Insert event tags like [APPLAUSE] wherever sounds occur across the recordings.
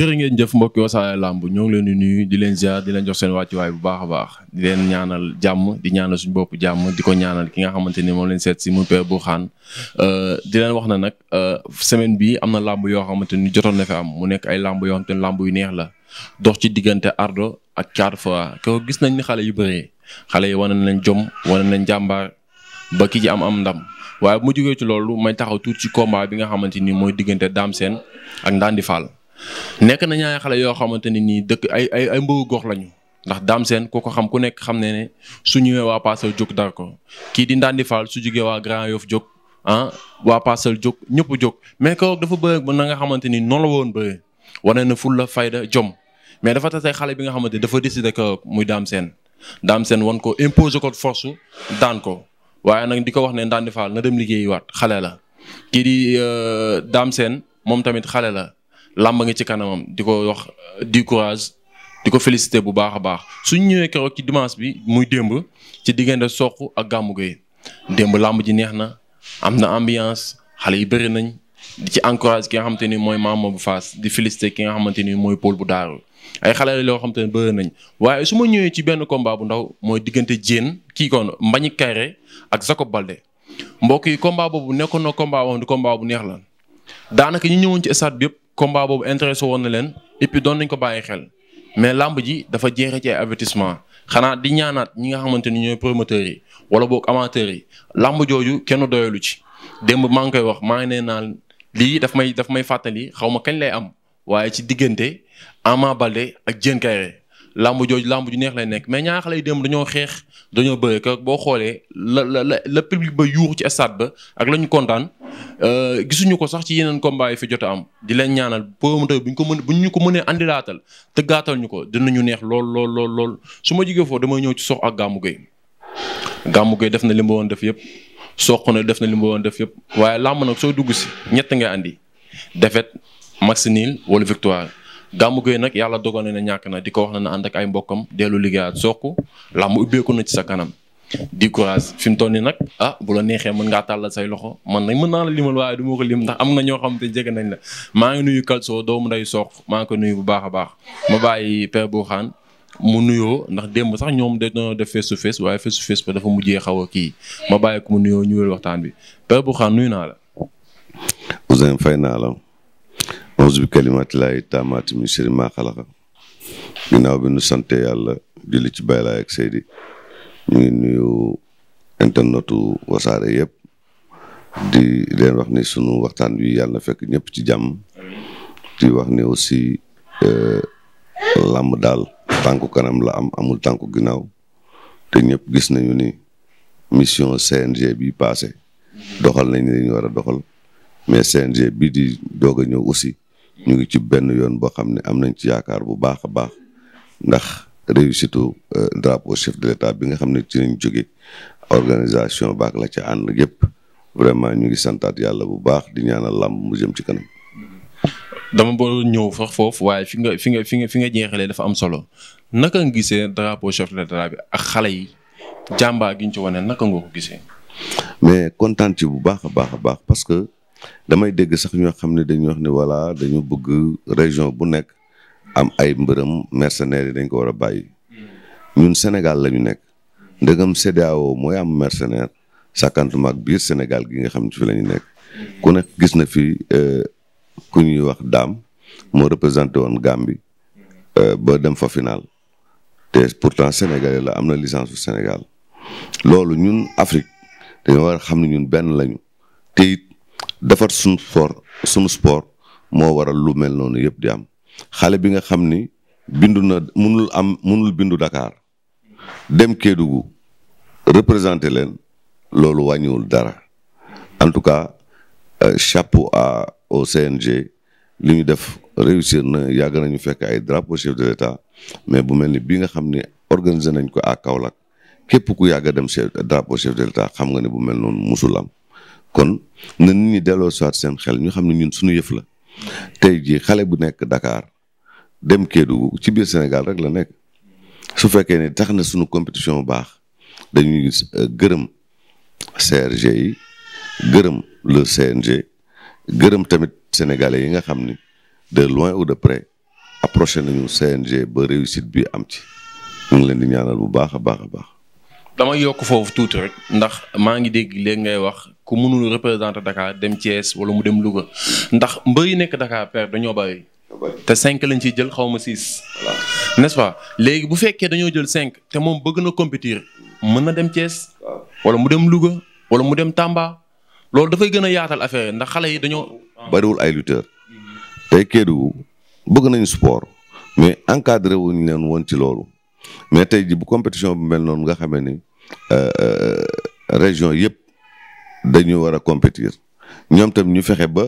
jërë ngeen jëf mbokki Wassare Lamb ñoo ngi leen di nuyu di leen ziar di leen jox seen wàccuwaay bu baax baax di leen ñaanal jàmm di ñaanal suñu bopp jàmm di ko ñaanal ki nga xamante ni moom leen seet si mu Père Bourkhane euh, di leen wax na nag euh, semaine bi am na làmb yoo xamante ni jotoon na fi am mu nekk ay làmb yoo xamante ni làmb yu neex la dox ci diggante Ardo ak Thiatou Fora ko gis nañ ni xale yu bëree xale yi wane nañ jom wane nañ jàmbaar ba ki ji am am ndam waaye bu ma ci loolu may taxaw ci combat bi nga xamante ni mooy diggante Dame Sène ak Ndandi Fall nekk na ñaari xale yoo xamante ne nii dëkk ay ay ay mbëgu gox lañu ndax daam seen kooko xam ku nekk xam ne ne su ñëwee waa Parcelles jóg dara ko kii di Ndandi Fall su jógee waa Grand Yoff jóg ah, waa Parcelles jóg ñëpp jóg mais keroog dafa bëre ba na nga xamante ni noonu la woon bëre wane na ful la fayda jom mais dafa tase xale bi nga xamante dafa décider keroog muy daam seen daam seen wan ko imposer ko force daan ko waaye nag di ko wax ne Ndandi Fall nga dem liggéey waat xale la kii di euh, daam seen moom tamit xale la làmb nga ci kanamam di ko wax euh, di courage di ko félicité bu baax a baax suñ ñëwee keroog ci dimance bi muy démb ci diggante Sokh ak Gamou Gueye démb làmb ji neex na am na ambiance xale yi bëri nañ di ci encourage ki nga xamante ni mooy Maama bu fas di félicité ki nga xamante ni mooy Paul bu Daaru ay xale la yoo xamante ne nañ waaye su ma ñëwee ci benn comba bu ndaw mooy diggante Diène kii kon Mbagnick Kaïré ak Jacob Baldé mbokk yi combat boobu nekkoon na combat woon di combat bu neex la daanaka ñu ñëwoon ci stade bi yëpp combat boobu intéressé woon na leen et doon nañ ko bàyyi xel mais làmb ji dafa jeexee ci ay avertissement xanaa di ñaanaat ñi nga xamante ni ñooy promoteurs yi wala boo amateurs yi làmb jooju kenn doyalu ci démb maa ngi koy wax maa ngi nee naan lii daf may daf may fàttali xaw ma kañ lay am waaye ci diggante Ama Baldé ak Diène Kairé jooju làmb ju neex lay nekk mais ñaar xale yi démb dañoo xeex dañoo bëre que boo xoolee la la la public ba yuuxu ci stade ba ak la ñu kontaan. Euh, gisuñu ko sax ci yeneen combat yi fi jot am di leen ñaanal promoteur bu ñu ko mën bu ñu ko mënee andilaatal te gaatal ñu ko dinañu neex lool lool lool lool su ma jógee foofu damay ñëw ci sox ak Gamou Gueye Gamou Gueye def na li ma def yëpp Sokh na def na li ma def yëpp waaye làmb nag soo dugg si ñett ngay andi défaite match nul wala victoire Gamou Gueye nag yàlla dogal na ne ñàkk na di ko wax na ne ànd ak ay mbokkam dellu liggéeyaat Sokh làmb ubbeeku na ci sa kanam di courage fi mu toll nii nag ah bu la neexee mën ngaa tàllal say loxo man nag mën naa la limal waaye du ko lim ndax am na ñoo xam te jege nañ la maa ngi nuyu Kalso doomu nday Sokh maa ngi ko nuyu bu baax a baax ma bàyyi Père Bourkhane mu nuyoo ndax démb sax ñoom dañoo def face to face waaye face to face ba dafa xaw kii ma bàyyi ko mu nuyoo ñu waxtaan bi Père Bourkhane nuyu naa la. Ousseyn fay naa la. auzu bi kalimaati laahi taamaati min sharri maa xalaqa ginnaaw bi nu sant yàlla julli ci Baay Laay ak Seydi ñu ngi nuyu internetu wasaare yëpp di leen wax ni sunu waxtaan wi yàlla na fekk ñëpp ci jàmm di wax ni aussi euh, làmb daal tànku kanam la am amul tànku ginnaaw te ñëpp gis nañu ni mission CNG bi passé doxal nañ li ñu a doxal mais CNG bi di doog ñëw aussi ñu ngi ci benn yoon boo xam ne am nañ ci yaakaar bu baax a baax ndax réussite euh, drapeau chef de l'état bi nga xam ne ci lañ jóge organisation baax la ca ànd yëpp vraiment ñu ngi santaat yàlla bu baax di ñaanal làmb mu jëm ci kanam. dama boo ñëw fax foofu waaye fi nga fi nga fi nga fi nga jeexalee dafa am solo naka nga gisee drapeau chef de l'état bi ak xale yi jàmbaar gi ñu ci wane naka nga ko gisee. mais kontaan ci bu baax a baax a baax parce que damay dégg sax ñoo xam ne dañuy wax ne voilà dañu bëgg région bu nekk. am ay mbërëm mercenaires yi dañ ko war a bàyyi ñun Sénégal la ñu nekk ndegam CEDEAO mooy am mercenaire sàkkantumaak biir Sénégal gi nga xam ne fi la ñu nekk ku ne gis na fi euh, ku ñuy wax daam moo représenté woon Gambie euh, ba dem fa final te pourtant Sénégalais am na licence su senegal loolu ñun Afrique dañoo war a xam ne ñun benn lañu te it defar suñu sport suñu sport moo waral lu mel noonu yëpp di am xale bi nga xam ni bindu na munul am munul bindu Dakar dem Kédougou représenté leen loolu wàññiwul dara en tout cas euh, chapeau à au CNG li ñu def réussir na yàgg nañu fekk ay drapeau chef de l'État mais bu mel ni bi nga xam ne organiser nañ ko à Kaolack képp ku yàgg dem chef drapeau chef de l'État xam nga ne bu mel noonu musul kon na nit ñu delloo soit seen xel ñu xam ne ñun suñu yëf la tey jii xale bu nekk Dakar dem Kédougou ci biir Sénégal rek la nekk su fekkee ne tax na suñu compétition bu baax dañuy euh, gërëm CRG yi gërëm le CNG gërëm tamit sénégalais yi nga xam ni de loin ou de près approché nañu CNG ba réussite bi am ci ñu ngi leen di ñaanal bu baax a baax a yokk foofu tuuti rek ndax maa ngi dégg léegi ngay wax ku mënul représenter Dakar dem Thiès wala mu dem luga ndax mbër yi nekk daka père dañoo bari te cinq lañ ciy jël xaw ma six. n'est-ce pas léegi bu fekkee dañoo jël cinq te moom bëgg na compétir mën na dem Thiès. wala mu dem Louga wala mu dem Tamba loolu dafay gën a yaatal affaire ndax xale yi dañoo. Ah. bariwul ay lutteurs. tey Kédougou bëgg nañu sport mais encadré wuñ leen woon ci loolu mais tey ji bu compétition bu mel noonu nga xamee ni euh, euh, région yëpp. dañu war a compétir ñoom tamit ñu fexe ba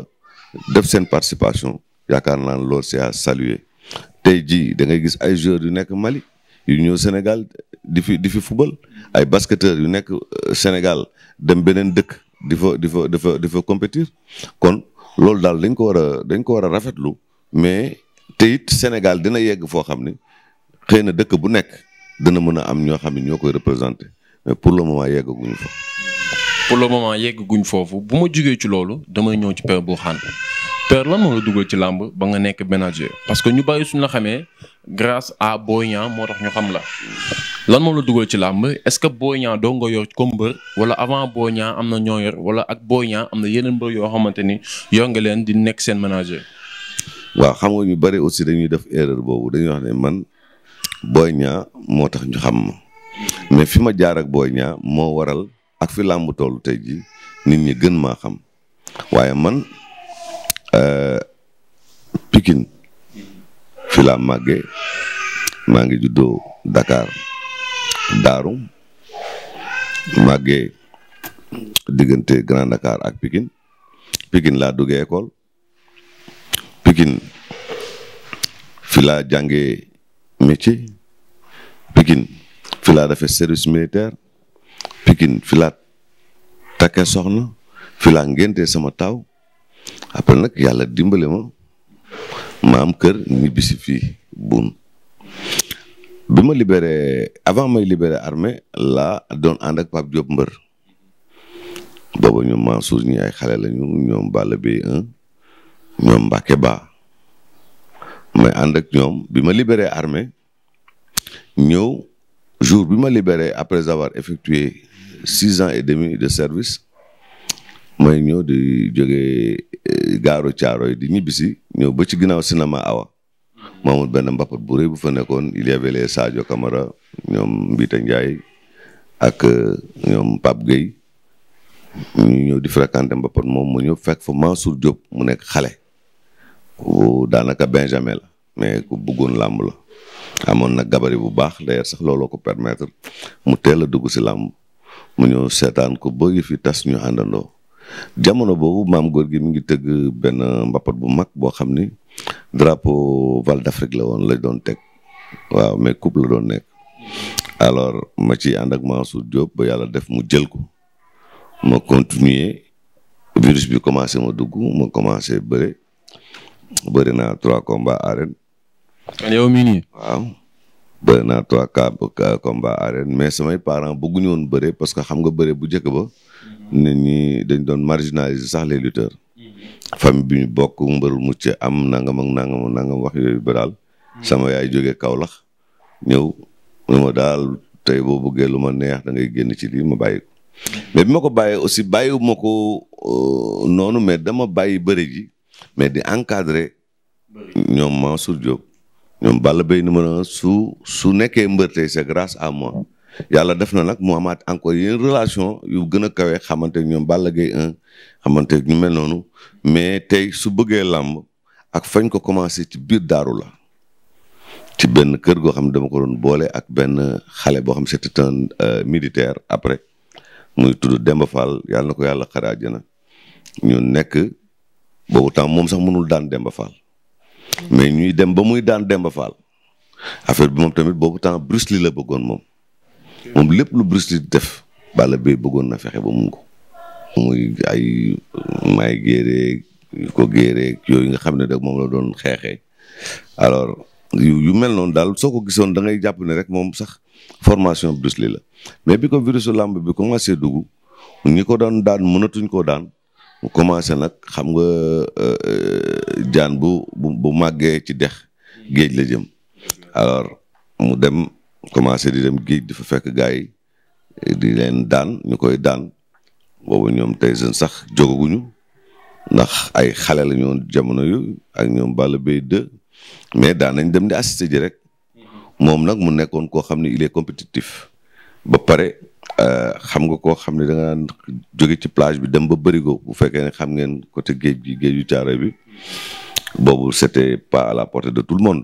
def seen participation yaakaar naa ne loolu c'est à tey jii da ngay gis ay joueurs yu nekk Mali yu ñëw Sénégal di fi di fi football ay basketteurs yu nekk euh, Sénégal dem beneen dëkk di fa di fa di fa di kon loolu daal dañ ko war a dañ ko war a rafetlu mais te it Sénégal dina yegg foo xam ni xëy na dëkk bu nekk dana mën a am ñoo xam ne ñoo koy représenté mais pour le moment yeggaguñu fa. pour le moment yegguñ foofu bu ma jugee ci loolu damay ñëw ci Père Bourkhane Père lan moo la dugal ci làmb ba nga nekk manager parce que ñu bàyyi suñu la xamee grace à Boy Niang moo tax ñu xam la lan moom la dugal ci làmb est-ce que Boy Niang doo nga yor comme wala avant Boy Niang am na ñoo yor wala ak Boy Niang am na yeneen mbër yoo xamante ni yor leen di nekk seen manager. waaw xam nga ñu bari aussi dañuy def erreur boobu dañuy wax ne man Boy Niang moo tax ñu ma mais fi ma jaar ak Boy Niang moo waral. ak fi làmb te ji nit ñi gën maa waaye man euh, pikin fi laa màggee maa ngi juddoo Dakar Daaru màggee diggante Grand Dakar ak pikin Pikine laa duggee école Pikine fi laa jàngee métier Pikine fi laa defee service militaire Pikine fi laa soxna fi laa sama taw après nag yàlla dimbali ma ma am kër ñibbisi fii buun bi ma libéré avant may libéré armée la don ànd ak Pape mbër booba ñoom Mansour ñi ay xale lañu ñoom Ba may ànd ak ñoom bi ma libere armée ñëw jour bi ma libere après avoir effectué six ans et demi de service may ñëw di jógee eh, gaaru caaro yi di ñibbisi ñëw ba ci ginnaaw cinéma awa maamoon benn mbappat bu rëy bu fa nekkoon il y avait les Sadio ñoom Mbita njaay ak eh, ñoom Pape Gueye ñu ñëw di fréquenté mbappat moom mu ñëw fekk fa Mansour Diop mu nekk xale daanaka Benjamin la mais ku bëggoon làmb la amoon nag gabari bu baax d'ailleurs sax looloo ko permettre mu teel dugg si làmb mu ñëw seetaan ko ba yëf yi tas ñu àndandoo jamono boobu maam góor gi mi ngi tëgg benn mbappat bu mag boo xam ni drapeau Val d'Afrique la woon la doon teg waaw mais coupe la doon nekk alors ma ànd ak Mansour Diop ba yàlla def mu jël ko ma continuer virus bi commencé ma dugg ma commencé bëre bëri naa trois combats arène. yow mii nii bëri naa trois quatre combats arène mais samay parents bëgguñu woon bëre parce que xam nga bëre bu njëkk ba. nit ñi dañ doon marginaliser sax les lutteurs. Mm-hmm. famille bi ñu bokk mbër mucc am nanga ma nanga ak nangam wax yu baraal mm-hmm. sama yaay jógee kawlax ñëw lu ma daal tey boo bëggee lu ma neex da ngay génn ci lii ma bàyyi ko mm-hmm. bi ma ko bàyyee aussi bàyyiwu ma ko euh, noonu mais dama bàyyi bëri ji mais di encadrer ñoom Mansour Diop ñoom Balla Gaye numéro un su su nekkee mbër tey c'est grâce à moi yàlla def na nag mu amaat encore yeneen relation yu gën a kawe xamante ñoom Balla Gaye un xamante ñu mel noonu mais tey su bëggee làmb ak fañ ko commencé ci biir daaru la ci benn kër goo xam ne dama ko doon boole ak benn xale boo xam c'était un euh, militaire après muy tudd Demba Fall yàlla ko yàlla xare àjjana ñu nekk boobu temps moom sax mënul daan Demba Fall mais ñuy dem ba muy daan dem Demba Fall affaire bi moom tamit boobu temps Bruce Lee la bëggoon moom. moom lépp lu Bruce Lee def Balla Gaye bëggoon na fexe ba mun ko. muy ay may géereeg yu ko yooyu nga xam ne da moom la doon xeexee alors yu yu mel noonu daal soo ko gisoon da ngay jàpp ne rek moom sax formation Bruce li la mais bi ko virusu làmb bi commencé dugg ñi ko doon daan mënatuñ ko daan. mu commencé nag xam nga euh, euh, jaan bu bu màggee ci dex géej la jëm alors mu dem commencé di dem géej di fa fekk gars yi di leen daan ñu koy daan boobu ñoom tey seen sax jógaguñu ndax ay xale la ñoon jamono yu ak ñoom Balla Gaye 2 mais daan nañ dem di assister ji rek mm-hmm. moom nag mu nekkoon koo xam ne il est ba pare Euh, xam nga koo xam ne da nga jóge ci plage bi dem ba bërigo bu fekkee ne xam ngeen côté géej gi géeju caare bi boobu c'était pas à la portée de tout le monde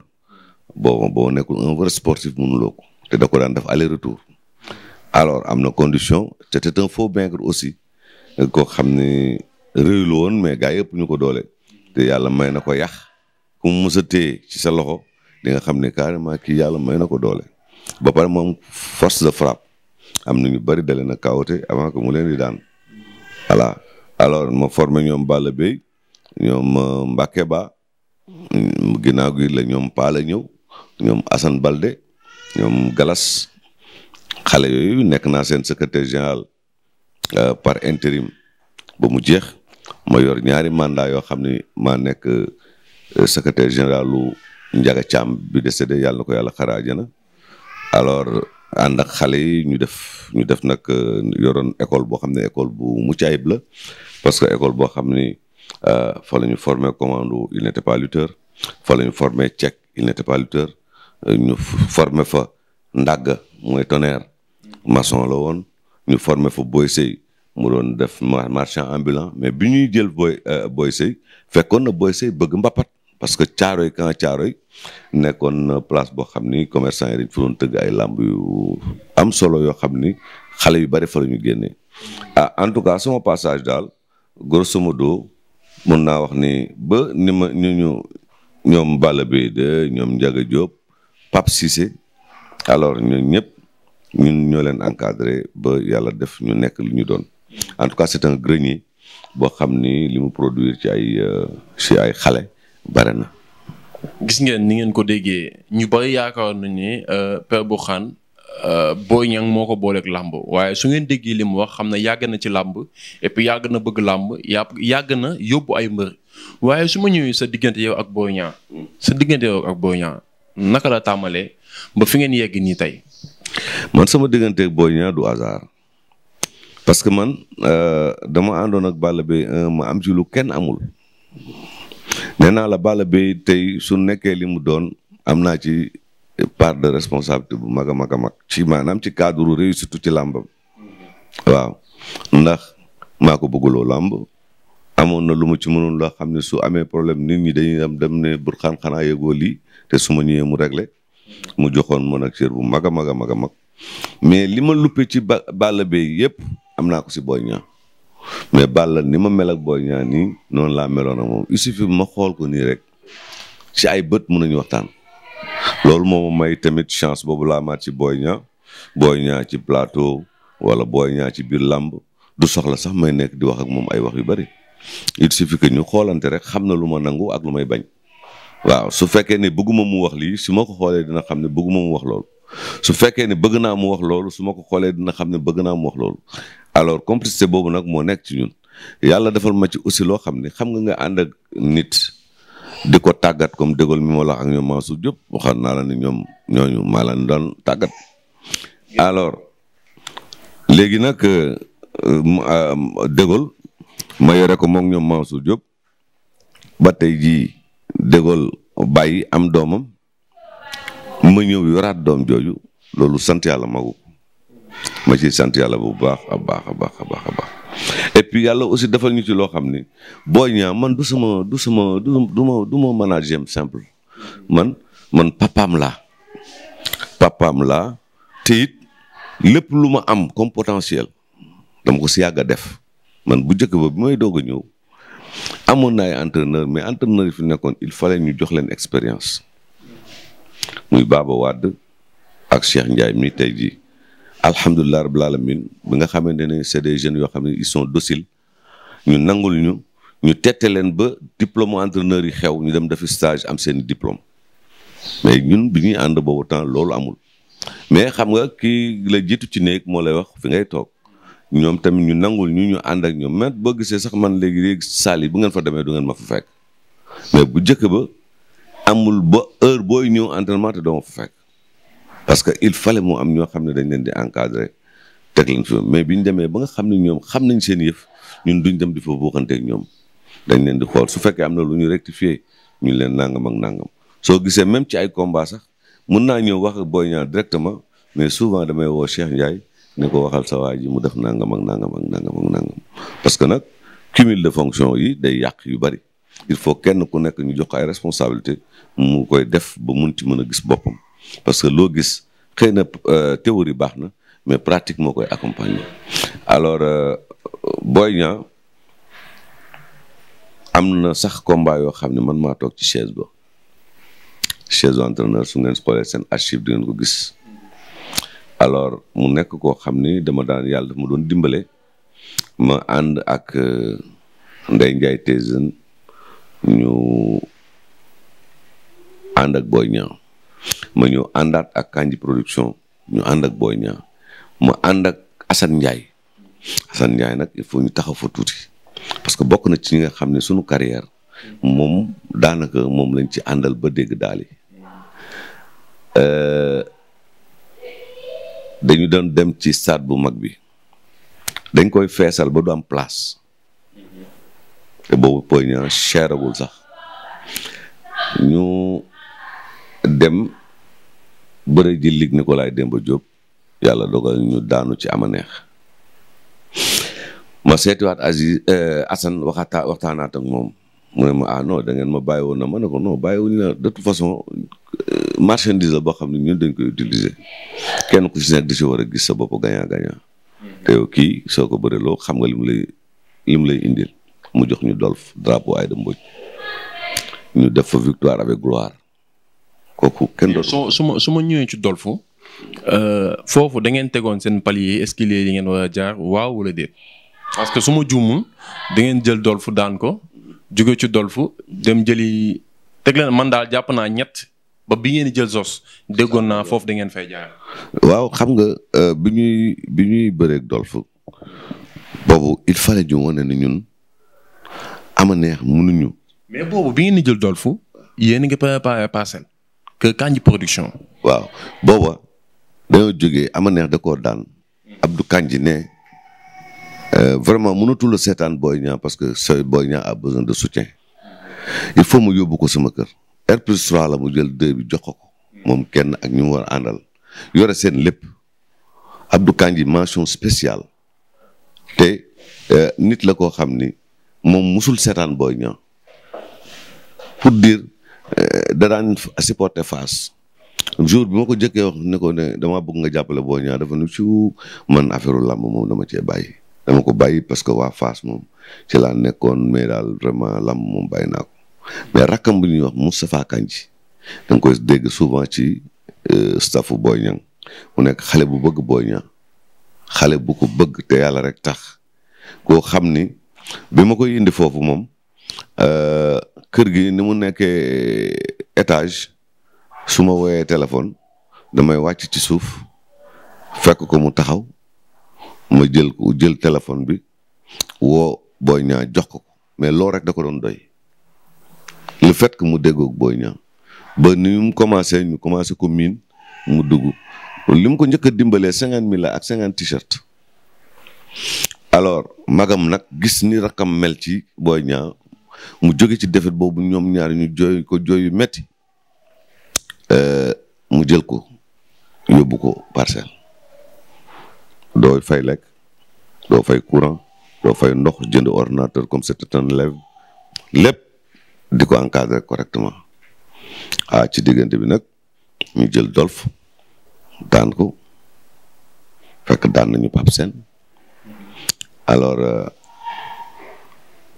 boobu boo nekkul un vrai sportif mënuloo ko te da ko daan def aller retour alors am na condition c'était un faux maigre aussi koo xam ne réyul woon mais gars yëpp ñu ko doole te yàlla may na ko yàq ku musa mës ci sa loxo di nga xam ne carrément kii yàlla may na ko doole ba pare moom force de frappe am na ñu bari dale na kawte avant que mu leen di daan voilà alors ma formé ñoom Balla Bey ñoom euh, Mbacke Ba mm, ginnaaw gi la ñoom Paala ñëw ñoom Assane Balde ñoom Galas xale yooyu nekk naa seen secretaire général euh, par intérim ba mu jeex ma yor ñaari mandat yoo xam ni maa nekk euh, secrétaire général lu Njaga Caam bi décédé yàlla na ko yàlla xaraajana alors ànd ak xale yi ñu def ñu def nag euh, yoroon école boo xam ne école bu mucc ayib la parce que école boo xam ni euh, fa la ñu formé commando il n'était pas lutteur fa la ñu formé cek il n'était pas lutteur ñu formé fa ndàgg mooy tonnerre maçon la woon ñu formé fa Boy Sey mu doon def marchand ambulant mais bi ñuy jël Boy euh, Boy Sey fekkoon na Boy Sey bëgg mbapat parce que Caaroy kan Caaroy nekkoon place boo xam ni commerçant yi dañ fa doon ay làmb yu am solo yoo xam ni xale yu bari fa la ñu génnee ah en tout cas sama dal daal grosso modo mun naa wax ni ba ni ma ñu ñu ñoom Balla bi de ñoom Ndiaga Diop Pape Cissé alors ñun ñëpp ñun ñoo leen encadré ba yàlla def ñu nekk li ñu doon en tout cas c'est un grenier boo xam ni li mu produire ci ay euh, ci ay xale bare na. gis ngeen ni ngeen ko déggee ñu bari yaakaar nañu ne euh, Père Bourkhane euh, Boy Niang moo ko booleek làmb waaye su ngeen déggee li mu wax xam na yàgg na ci làmb et yàgg na bëgg làmb yàgg na yóbbu ay mbër waaye su ma ñëwee sa diggante yow ak Boy Niang sa diggante ak Boy naka la tàmbalee ba fi ngeen yegg nii tey. man sama digganteeg Boy Niang du hasard parce que man euh, dama àndoon ak Balla bi ma am ci lu kenn amul. nee naa la Balla Beye tey su nekkee li mu doon am naa ci part de responsabilité bu mag a mag a mag ci maanaam ci cadre réussite ci làmbam waaw ndax maa ko bëggloo làmb amoon na lu ma ci mënoon loo xam ne su amee problème nit ñi dañuy am dem ne bur xan xanaa yëgoo lii te su ma ñëwee mu réglé mu joxoon ma nag cër bu mag a mag a mag mag mais li ma luppe ci Balla Beye yëpp am naa ko si Boy mais bala ni ma mel booy Boy nii noonu laa meloon ak moom il suffit ma xool ko nii rek si ay bët mën nañu waxtaan. loolu moo may tamit chance boobu laa maat ci booy Niang Boy Niang ci plateau wala booy Niang ci biir làmb du soxla sax may nekk di wax ak moom ay wax yu bari il suffit que ñu xoolante rek xam na lu ma nangu ak lu may bañ. waaw su fekkee ne bëgguma mu wax lii su ma ko xoolee dina xam ne bëgguma mu wax loolu su fekkee ne bëgg naa mu wax loolu su ma ko xoolee dina xam ne bëgg naa mu wax loolu alors complicité boobu nag moo nekk ci ñun yàlla defal ma ci aussi loo xam ne xam nga nga ànd nit di ko tàggat comme dégal mi moo la ak ñoom Mansour Diop naa la ni ñoom ñooñu maa leen doon tàggat alors léegi nag euh, euh, dégal ma ko moom ñoom Mansour Diop ba tey jii dégal bàyyi am doomam ma ñëw yoraat doom jooju loolu sant yàlla magu ma ciy sant yàlla bu baax a baax a baax a baax a baax et yàlla aussi defal ñu ci loo xam ni Boy Niang man du sama du sama du ma du ma manager simple man man papaam laa papaam laa te lépp lu ma am comme potentiel dama ko si yàgg a def man bu njëkk ba bi doog a ñëw amoon na ay entraîneur mais entraîneur yi fi nekkoon il fallait ñu jox leen expérience muy Baba Wade ak Cheikh Ndiaye mi tey ji alhamdulilah rabbil alamin bi nga xamante ne c'est des jeunes yoo xam ne ils sont dociles ñu nangul ñu ñu tette leen ba diplôme entraîneur yi xew ñu dem defi stage am seen diplôme mais ñun bi ñuy ànd boobu temps loolu amul mais xam nga kii la jiitu ci néeg moo lay wax fi ngay toog ñoom tamit ñu nangul ñu ñu ànd ak ñoom mais boo gisee sax man léegi léegi saal bu ngeen fa demee du ngeen ma fa mais bu njëkk ba amul ba heure booy ñëw entraînement te doo parce que il fallait moo am ñoo xam ne dañ leen di encadrer teg leen fi mais bi ñu demee ba nga xam ne ñoom xam nañ seen yëf ñun duñ dem di fa buuxanteeg ñoom dañ leen di xool su fekkee am na lu ñu rectifier ñu leen nangam ak nangam soo gisee même ci ay combat mën naa ñëw wax ak Boy directement mais souvent damay woo Cheikh Ndiaye ne ko waxal sa waa ji mu def nangam ak nangam ak nangam ak nangam parce que nag cumul de fonction yi day yàq yu bari il faut kenn ku nekk ñu jox ay responsabilité mu koy def ba mun ci mën a gis boppam. parce que loo gis xëy na euh, théorie baax na mais pratique moo koy accompagner alors euh, Boy Niang am na sax combat yoo xam ne man maa toog ci chaise ba chaise entraîneur su ngeen xoolee seen archive di ngeen ko gis alors mu nekk koo xam ni dama daan yàlla daf ma doon dimbale ma ànd ak euh, Ndeye Ndiaye Tézen ñu ànd ak Boy Niang ma ñu àndaat ak Kandji production ñu ànd ak Boy Niang ma ànd ak Assane Ndiaye Assane Ndiaye nag il faut ñu taxaw fa tuuti parce que bokk na ci ñi nga xam ne sunu carrière moom daanaka moom lañ ci àndal ba dégg daal euh, dañu doon dem ci stade bu mag bi dañ koy feesal ba du am place te boobu Boy Niang cheragul sax ñu dem bëre ji lig Nicolas Demba Diop yàlla dogal ñu daanu ci ama neex ma seetiwaat Aziz eh, Assane waxata waxtaanaat ak moom mu ne ma ah non da ngeen ma bàyyi woon na ma ne ko non bàyyi wuñ la de toute façon euh, marchandise la boo xam ne ñun dañ koy utiliser kenn ku si nekk di si war a gis sa bopp gagnant mm-hmm. te yow kii soo ko bëreloo xam nga lim lay lim lay indil mu jox ñu dolf drapeau ay de mboj ñu def fa victoire avec gloire kooku kenn soo su ma su ma ñëwee ci Dolfo euh, foofu da ngeen tegoon seen palier escalier yi ngeen war a jaar waaw wala déet parce que su ma juumul da ngeen jël Dolfo daan ko jóge ci Dolfo dem jëli teg leen man daal jàpp naa ñett ba bi ngeen jël sos déggoon naa foofu dangeen ngeen fay jaar. waaw xam nga euh, bi ñuy bi ñuy bëreeg Dolfo boobu il fallait ñu wane ne ñun ama neex mënuñu. mais boobu bi ngeen di jël Dolfo yéen a ngi préparé parcelle. que production. waaw booba dañoo jógee ama neex de koo daan Abdou Kandji ne euh, vraiment mënatul seetaan booy Niang parce que sa booy Niang a besoin de soutien il faut mu yóbbu ko sama kër R plus 3 la mu jël deux jox ko moom kenn ak ñu war a àndal yore seen lépp abdu Kandji mention spéciale te euh, nit la koo xam ni moom musul seetaan booy Niang pour dire. Eh, da daan supporter Fass jour bi ma ko jëkkee wax ne ko ne damaa bëgg nga jàppale boo ñaar dafa nu ci man affaire làmb moom dama cee bàyyi dama ko bàyyi parce que waa fas moom ci laa nekkoon mais daal vraiment làmb moom bàyyi naa ko mais rakkam bu ñuy wax Moustapha Kandji da nga koy dégg souvent ci euh, stafu Boy Niang mu nekk xale bu bëgg Boy Niang xale bu ko bëgg te yàlla rek tax koo xam ni bi ma koy indi foofu moom Euh, kër gi ni mu nekkee étage su ma woowee téléphone damay wàcc ci suuf fekk ko mu taxaw ma jël jël téléphone bi woo Boy Niang jox ko mais loolu rek da ko doon doy lu fait mu déggoog booy Niang ba ni mu commencé ñu commencé ko miin mu dugg li mu ko njëkk dimbalee cinquante mille ak cinquante t-shirt alors magam nag gis ni rakam mel ci booy Niang mu jóge ci defet boobu ñoom ñaar ñu jooy ko jooy yu metti euh, mu jël ko yóbbu ko parcelle doo fay lekk doo fay courant doo fay ndox jënd ordinateur comme c'était un élève lépp di ko encadrer correctement ah ci diggante bi nag ñu jël dolf daan ko fekk daan nañu Pape Sène alors euh,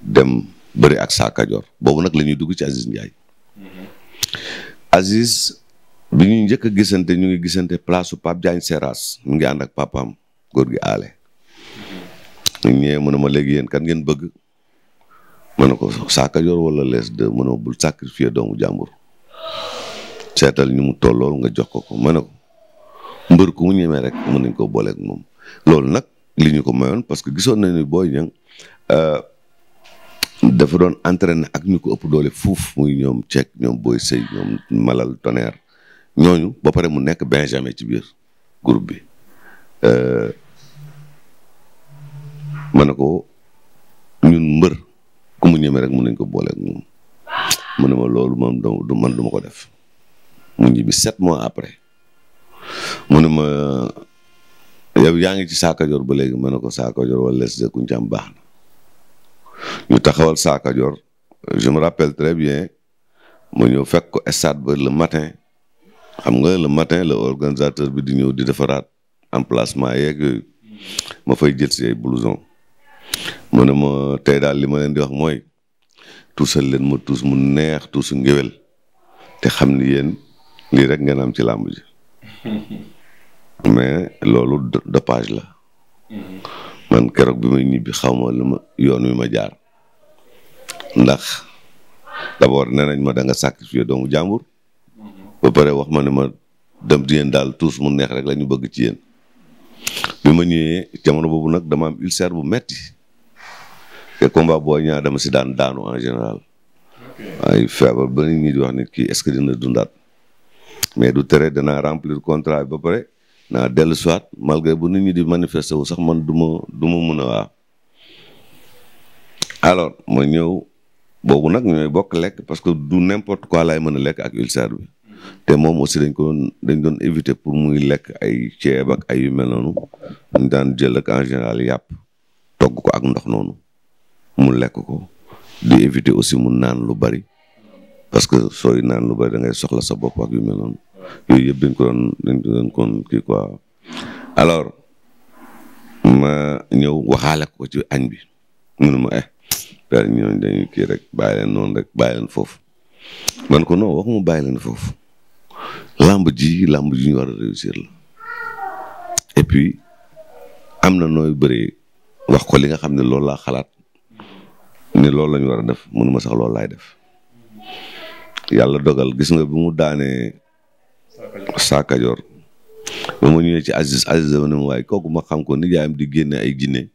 dem bëri ak saa Kajoor boobu nag la ñuy dugg ci Aziz Ndiaye. Mm-hmm. Aziz bi ñu njëkk a gisante ñu ngi gisante place su Pape Diagne Seras mu ngi ànd ak papaam góor gi aale. Mm-hmm. ñu ñëwee mu ne ma léegi yéen kan ngeen bëgg ma ne ko saa Kajoor wala les deux ma ne ma bul sacrifier doomu jàmbur. seetal ñu mu tol tollool nga jox ko ko ma ne ko mbër ku mu ñemee rek mën nañ koo booleeg moom loolu nag li ñu ko mayoon parce que gisoon na ne booy ñang euh, dafa doon entraîné ak ñu ko ëpp doole fuuf muy ñoom Cheikh ñoom Boy Sey ñoom Malal Tonnerre ñooñu ba pare mu nekk Benjamin ci biir groupe bi euh, ma ne ko ñun mbër ku mu ñeme rek mun nañ ko booleeg moom mu ne ma loolu moom du man du ma def mu ñibbi sept mois après mu ne ma yow yaa ngi ci Sakajor ba léegi ma ne ko Sakajor wala les de Koundiam baax na ñu taxawal Sakadior je me rappelle très bien ma ñëw fekk ko stade ba le matin xam nga le matin le organisateur bi di ñëw di defaraat emplacement yeeg yooyu ma fay jël si ay blouson mu ne ma tey daal li ma leen di wax mooy tuusal leen ma tuus mu neex tuusu ngéwél te xam ni yéen lii rek ngeen am ci làmb ji [LAUGHS] mais loolu dopage la mm-hmm. man keroog bi may ñibbi xawma lu ma yoon wi ma jaar ndax d'abord nee nañ ma da nga sacrifier doomu jàmbur ba pare wax ma ne ma dem di yéen daal tuus mu neex rek la ñu bëgg ci yéen bi ma ñëwee jamono boobu nag dama am ulcère bu metti te combat booy ñaa dama si daan daanu en général ay feebar ba nit ñi di wax nit kii est-ce que dina dundaat mais du tere danaa remplir contrat bi ba pare naa dellu soit malgré bu ni ñi di manifester wu sax man du ma du ma mun a waaw alors ma ñëw boobu nag ñooy bokk lekk parce que du n'importe quoi laay mën a lekk ak ulcère bi te moom aussi dañ ko dañ doon éviter pour muy lekk ay ceeb ak ay yu mel noonu ñu daan jël ak en général yàpp togg ko ak ndox noonu mu lekk ko di éviter aussi mu naan lu bari parce que sooy naan lu bari da ngay soxla sa bopp ak yu mel noonu yooyu yëpp dañ ko doon dañ ko doon kon kii quoi alors ñëw waxaale ko ci añ bi mënuma eh daal ñooñu dañuy kii rek bàyyi leen noonu rek bàyyi leen foofu man ko non waxuma bàyyi leen foofu làmb ji lamb ji ñu war a la et am na nooy bëree wax ko li nga xam ne loolu laa xalaat ne loolu lañu war a def mënuma sax loolu laay def yàlla dogal gis nga bi mu daanee saakajoor ba ma ñëwee ci Aziz Aziz dama ne ma waaye kooku ma xam ko nijaayam di génne ay jinne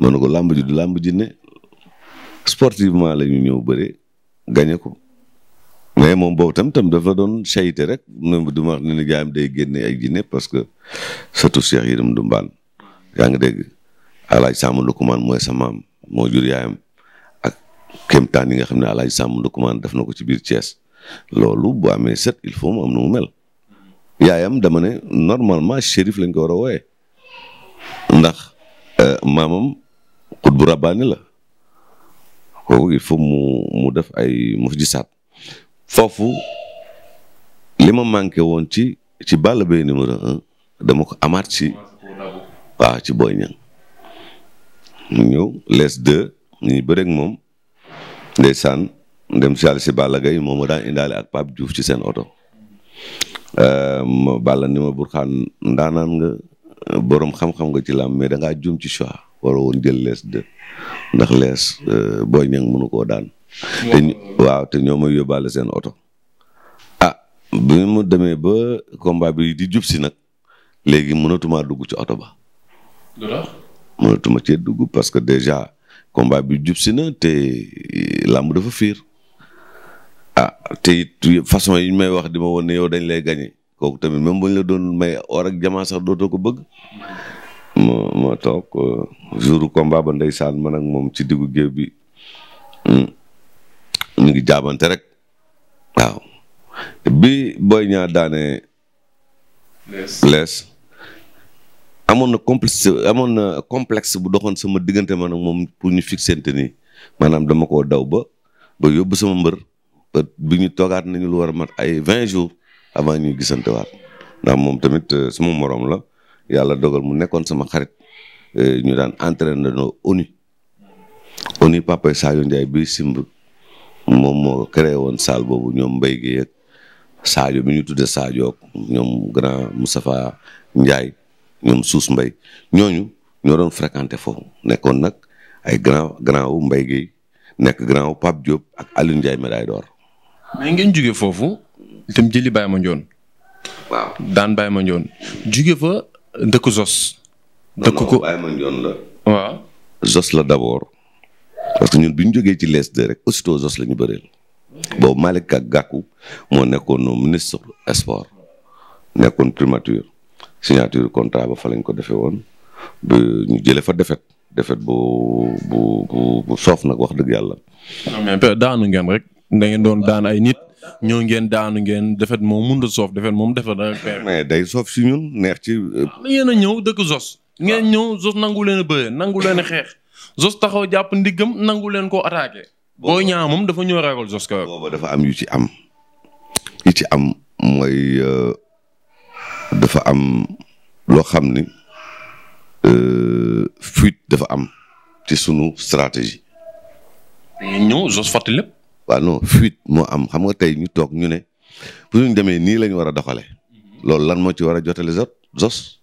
ma ne ko làmb ji du làmb jinne sportivement la ñu ñëw bëre gañe ko mais moom boobu tam tam dafa doon sayte rek même du ma wax ne nijaayam day génne ay jinne parce que surtout Cheikh Yérim Dumbaan yaa nga dégg alaaj Sàmm Lukumaan mooy sa maam moo jur yaayam ak kéemtaan yi nga xam ne alaaj Sàmm Lukumaan def na ko ci biir Thiès loolu bu amee set il faut mu am nu mu mel yaayam dama ne normalement shérif lañ ko war a wooye ndax euh, maamam xutbu rabbaani la kooku il faut mu mu def ay mujjisaat foofu li ma manqué woon ci ci Balla Gaye numéro un dama ko amaat ci waaw ci Boy Niang mu les deux ñu bëreeg moom ndeysaan dem si àll si Balla Gaye moom ma daan indaale ak Pape Diouf ci seen oto Euh, Balla ni ma Burkhane ndaanaan nga borom xam-xam nga ci làmb mais da ngaa jum ci choix wara woon jël lees de ndax lees euh, booy ñang mënu koo daan. te waaw te ñoo may yóbbaale seen oto. ah bi mu demee ba combat bi di jub si nag léegi mënatumaa dugg ci oto ba. mënatuma cee dugg parce que déjà combat bi si na te làmb dafa fiir. ah te it façon yi ñu wax di ma woon ne yow dañ lay gañe kooku tamit même bu ñu la doon may or ak jamaa sax dootoo ko bëgg. moo moo toog euh, jour combat ba ndeysaan man ak moom ci diggu géew bi hmm. ñu ngi jaabante rek waaw bi Boy Niang daane. lees amoon na complexe amoon na complexe bu doxoon sama diggante man ak moom pour ñu fixente ni maanaam dama ko daw ba ba yóbbu sama mbër. bi ñu toogaat nañu lu war a mat ay vingt jours avant ñuy gisante waat ndax moom tamit euh, suma moroom la yàlla dogal mu nekkoon sama xarit euh, ñu daan entraîné no ONU ONU papa Sadio Ndiaye bii simb moom moo créé woon salle boobu ñoom mbéy gi ak bi ñu tuddee Sadio ñoom grand Moustapha Ndiaye ñoom suus mbay ñooñu ñoo doon fréquenté foofu nekkoon nag ay grand grand wu mbéy gi nekk grand wu Pape Diop ak Aliou Ndiaye médaille door mais ngeen jóge foofu dem jëli Baye Mandione. waaw daan Baye Mandione jóge fa dëkk Zos. dëkk ko Baye Mandione la. sos Zos la d'abord. parce que ñun bi ñu jógee ci les deux rek aussitôt Zos la ñu bëreel. boobu Malick ak moo nekkoon ministre sport nekkoon primature signature contrat fa lañ ko defee woon ba ñu jëlee fa defet defet bu bu soof nag wax dëgg yàlla. daanu ngeen rek. da ngeen doon daan ay nit ñoo ngeen daanu ngeen defet moom mënut a soof defet moom defet da mais day soof si ñun neex ci. Euh, yéen a ñëw dëkk Zos. ngeen ñëw Zos nangu leen a bëre nangu leen xeex Zos taxaw jàpp ndiggam nangu leen ko attaqué. boo ñaa moom dafa ñëw ragal Zos ka dafa am yu ci am yu ci am mooy euh, dafa am loo xam ni euh, fuite dafa am ci sunu stratégie. ngeen ñëw Zos fàttali lépp. waa no fuite moo am xam nga tey ñu toog ñu ne bu ñu demee nii la war a doxalee. Mhm. loolu lan moo ci war a jotale zot zos.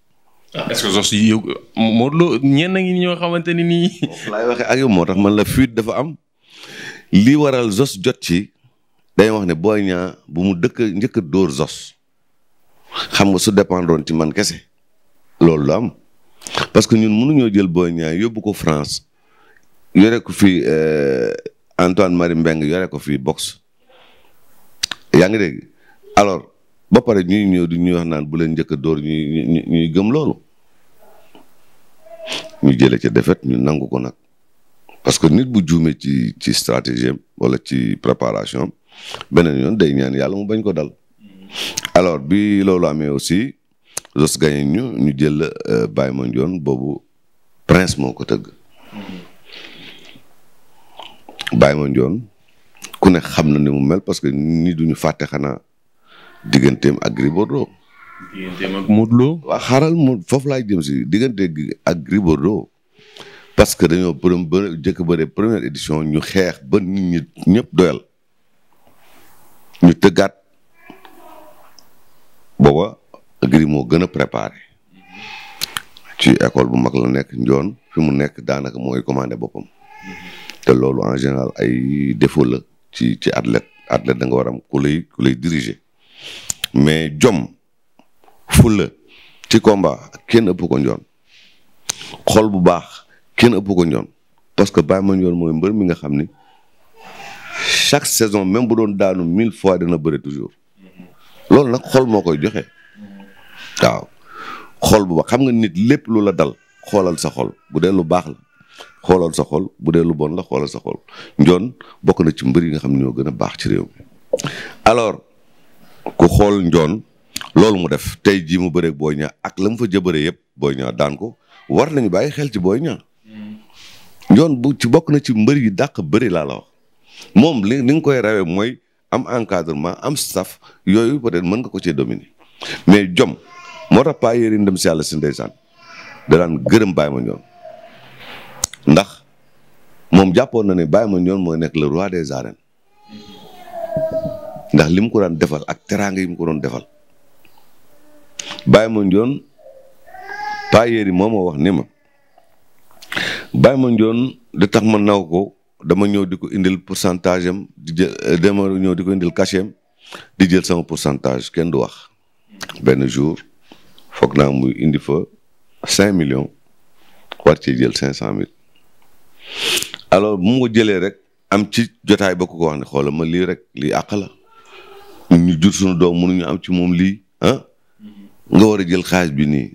ah est-ce que zos ñoo xamante ni nii. [LAUGHS] laay waxee ak yow moo tax man la fuite dafa am li waral zos jot ci day wax ne booy ñaa bu mu dëkk njëkk a dóor zos xam nga su dépendroon ci man kese loolu lu am parce que ñun mënuñoo jël Boy ñaa yóbbu ko France yore ko fii. Euh, Antoine mari Mbengue yore ko fii box yaa ngi dégg alors ba pare ñuy ñëw di ñuy wax naan bu leen njëkk a dóor ñuy ñuy gëm loolu ñu jëlee ci defet ñu nangu ko nag parce que nit bu juumee ci ci stratégie wala ci préparation beneen yoon day ñaan yàlla mu bañ ko dal alors bi loolu amee aussi jos gañe ñu ñu jël euh, baay ma Mandione boobu prince moo ko tëgg Baye Mandione ku ne xam na ni mu mel parce que nii duñu fàtte xanaa digganteem ak Gris Bordeaux. digganteem ak foofu laay jëm si diggante ak Gris parce que dañoo përëm ba jëkk bëre première édition ñu xeex ba nit ñi ñëpp doyal ñu tëggaat booba Gris moo gën a préparé ci école bu mag la nekk njoon fi mu nekk daanaka mooy commandé boppam. loolu en général ay défaut la ci ci athlète athlète da nga war am ku lay ku lay mais jom fulla ci combat kenn ëpp ko njoon xol bu baax kenn ëpp ko njoon parce que ma Mandione mooy mbër mi nga xam ni chaque saison même bu doon daanu mille fois dana bëre toujours loolu nag xol moo koy joxe waaw xol bu baax xam nga nit lépp lu la dal xoolal sa xol bu dee lu baax la xoolal sa xol bu dee lu bon la xoolal sa xol njoon bokk na ci mbër yi nga xam ne ñoo gën a baax ci réew mi alors ku xool njoon loolu mu def tey jii mu bëreeg Boy Niang ak la mu fa jëbëree yëpp Boy Niang daan ko war nañu bàyyi xel ci Boy Niang njoon bu ci bokk na ci mbër yi dàq bëri laa la wax moom li li nga koy rawee mooy am encadrement am saf yooyu peut-être mën nga ko cee dominer mais jom moo tax paa yéri ndem si yàlla si ndeysaan da gërëm baay ma ñoom ndax moom jàppoon na ni bàyyi ma ñoon mooy nekk le roi des arènes ndax li mu ko daan defal ak teraanga yi mu ko doon defal bàyyi ma ñoon tailleur yi moo ma wax ni ma bàyyi ma ñoon di tax ma naw ko dama ñëw di ko indil pourcentage am di jël dama ñëw di ko indil cachet di jël sama pourcentage kenn du wax benn jour foog naa muy indi fa cinq million war ci jël cinq cent mille alors bu mu ko jëlee rek am ci jotaay ba ku ko wax ne xoola ma lii rek lii àq la ñu jur suñu doom mënuñu am ci moom lii ah nga war a jël xaalis bi nii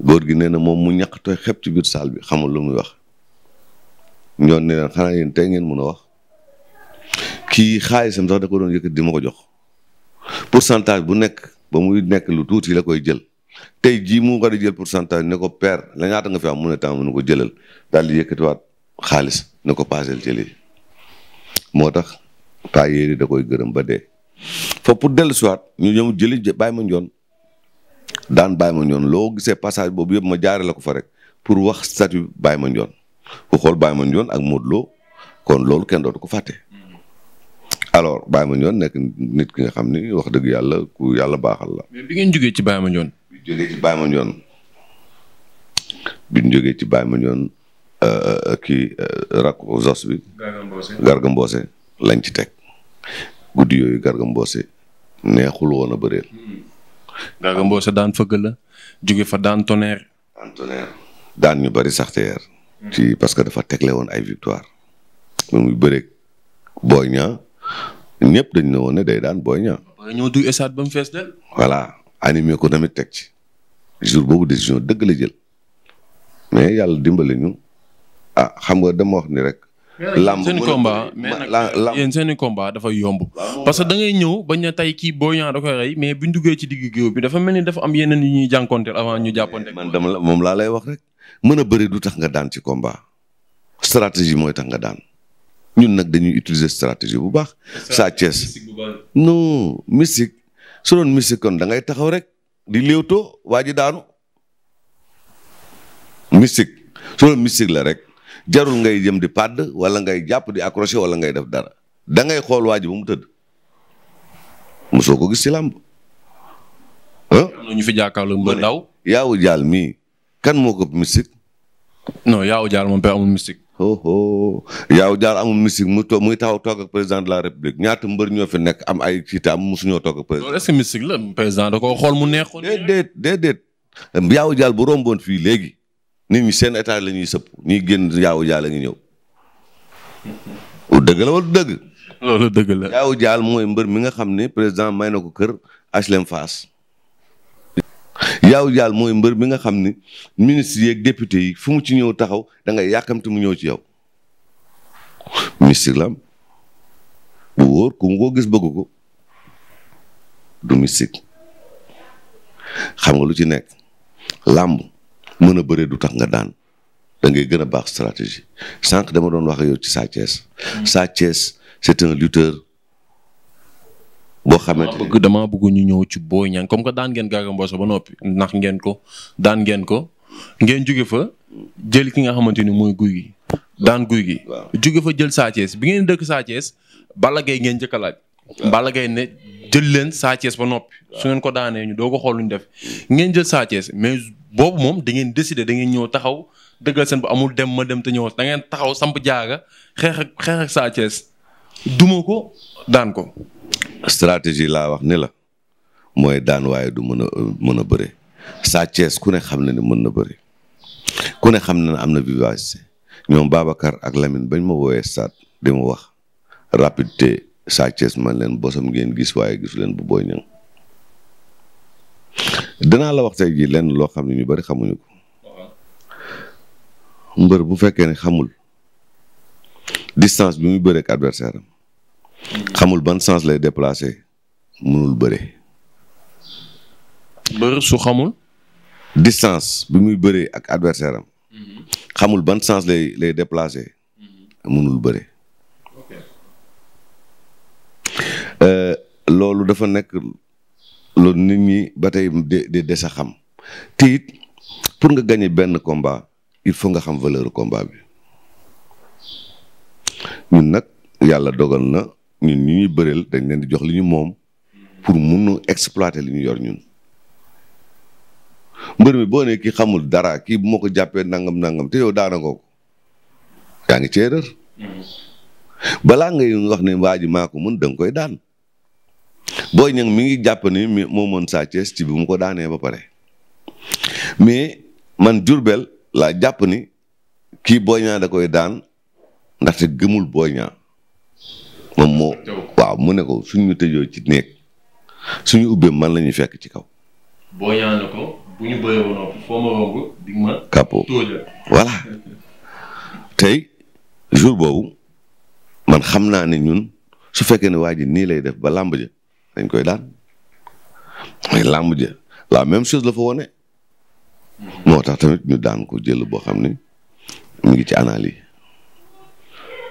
góor gi nee na moom mu ñàkk tooy xepp ci biir saal bi xamul lu muy wax ñoon ne xanaa yéen tey ngeen mën a wax kii xaalisam sax da ko doon yëkkat di ma ko jox pourcentage bu nekk ba muy nekk lu tuuti la koy jël tey jii mu war a jël pour pourcentage ne ko père la ñaata nga fi am mu ne temps nu ko jëlal daal di yëkkatiwaat xaalis na ko paaseel ci lii moo tax paa yéeri da koy gërëm ba dee fa pour dellu siwaat ñu ñëw jëli baay ma njoon daan bàyyi ma njoon loo gisee passage boobu yëpp ma jaare la ko fa rek pour wax statut bàyyi ma njoon ku xool bàyyi ma njoon ak Modou Lo kon loolu kenn dootu ko fàtte alors ma Mandione nekk nit ki nga xam ni wax dëgg yàlla ku yàlla baaxal la. mais bi ngeen jógee ci Baye Mandione. bi jógee ci Baye Mandione bi jógee ci Baye Mandione Euh, euh, kii euh, rak zos bi. Garga lañ ci teg guddi yooyu Garga Mbossé neexul woon a bëreel. Hmm. Garga Mbossé daan fëgg la jóge fa daan tonnerre. daan ñu bari sax teer hmm. ci parce que dafa tegle woon ay victoire. mu muy bëreeg Boy ñëpp dañ ne woon ne day daan Boy Niang. ñoo du esaat ba fees del. voilà animé ko tamit teg ci jour boobu décision dëgg la jël mais yàlla dimbali ñu. ah xam nga dama wax ni rek. lamb seen a mais nag yéen seen i combat dafa yomb. parce que da ngay ñëw bañ na tey kii boo Niang da koy rey mais buñ duggee ci digg géew bi dafa mel ni dafa am yeneen yu ñuy jànkonteel avant ñu jàppante. man dama moom laa lay wax rek mën a bëri du tax nga daan ci combat stratégie mooy tax nga daan ñun nag dañuy utiliser stratégie bu baax. Sa Thiès non mystique su doon mystique kon da ngay taxaw rek di léewtoo waa ji daanu mystique su doon mystique la rek. jarul ngay jëm di pàdd wala ngay jàpp di accroché wala ngay def dara da ngay xool waa ji ba mu tëdd mosoo ko gis ci làmb. ah am na ñu fi jàkkaarloo mbër ndaw. yaawu jaal mii kan moo ko mystique. non yaawu jaal moom pe amul mystique. oh oh yaawu jaal amul mystique mu to muy taxaw toog ak président de la république ñaata mbër ñoo fi nekk am ay ciitaam mosuñoo toog ak président. loolu est la président da koo xool mu neexoon. déedéet déedéet yaawu jaal bu romboon fii léegi. nit ñi seen état la ñuy sëpp ñuy génn yaawu jaal la ngi ñëw. dëgg la dëgg. yaawu jaal mooy mbër mi nga xam ne président may na ko kër HLM Fass. yaawu jaal mooy mbër bi nga xam ni ministre yeeg député yi fu mu ci ñëw taxaw da ngay yàkkamti mu ñëw ci yow mystique la bu wóor ku mu gis bëgg ko du mystique xam nga lu ci nekk làmb mën a bëree du tax nga daan da ngay gën a baax stratégie sànq dama doon wax yow ci Sa Thiès. Mm. Sa un lutteur. boo xamante ni damaa bëgg ñu ñëw ci boo Niang comme que daan ngeen Garga Mbossé ba noppi ndax ngeen ko daan ngeen ko ngeen jóge fa jël ki nga xamante ni mooy guy gi daan guy gi. jóge fa jël Sa bi ngeen dëkk Sa Thiès Balla Gaye njëkk a laaj. Balla ne jël leen Sa ba noppi. su ngeen ko daanee ñu doo ko xool lu ñu def mm. ngeen jël Sa Thiès boobu moom da ngeen décider da ngeen ñëw taxaw dëggal seen bu amul dem ma dem te ñëw da ngeen taxaw samp jaaga xeex ak xeex ak duma ko daan ko. stratégie laa wax ni la mooy daan waaye du mën a mën a bëre Sa ku ne xam na ne mën na bëre ku ne xam na ne am na vivacité ñoom Babacar ak Lamine bañ ma woowee saat di mu wax rapidité Sa Thiès man leen bosam ngeen gis waaye gisu leen bu Boy Niang danaa la wax tey jii lenn loo xam ne ñu bari xamuñu ko. mbër bu fekkee ne xamul distance bi muy bëree ak adversaire xamul ban sance lay déplacé mënul bëree. mbër su xamul. distance bi muy bëree ak adversaire am. ban sens lay lay déplacé. mënul bëree. Euh, loolu dafa nekk. loolu nit ñi ba tey de des sa xam te it pour nga gagner benn combat il faut nga xam valeur combat bi ñun nag yàlla dogal na ñun ñu ñuy bëreel dañ leen di jox li ñu moom pour mun exploiter li ñu yor ñun mbër mi boo ne kii xamul dara kii bu ma ko jàppee nangam nangam te yow daana ko yaa ngi ci erreur mm-hmm. balaa ngay wax ne waa ji maa ko mën danga koy daan booy Niang mi ngi jàpp ni mi moo mën Sa ci bi mu ko daanee ba pare mais man Diourbel laa jàpp ni kii booy ñaa da koy daan ndaxte gëmul Boy Niang moom moo waaw mu ne ko suñu tëjoo ci néeg suñu ubbee man la ñuy fekk ci kaw. Boy Niang na ko tey jour boobu man xam naa ne ñun su fekkee ne waa ji nii lay def ba làmb ja dañ koy daan mais làmb ja la même chose la fa wone moo tax tamit ñu daan ko jël boo xam ne mu ngi ci analyse.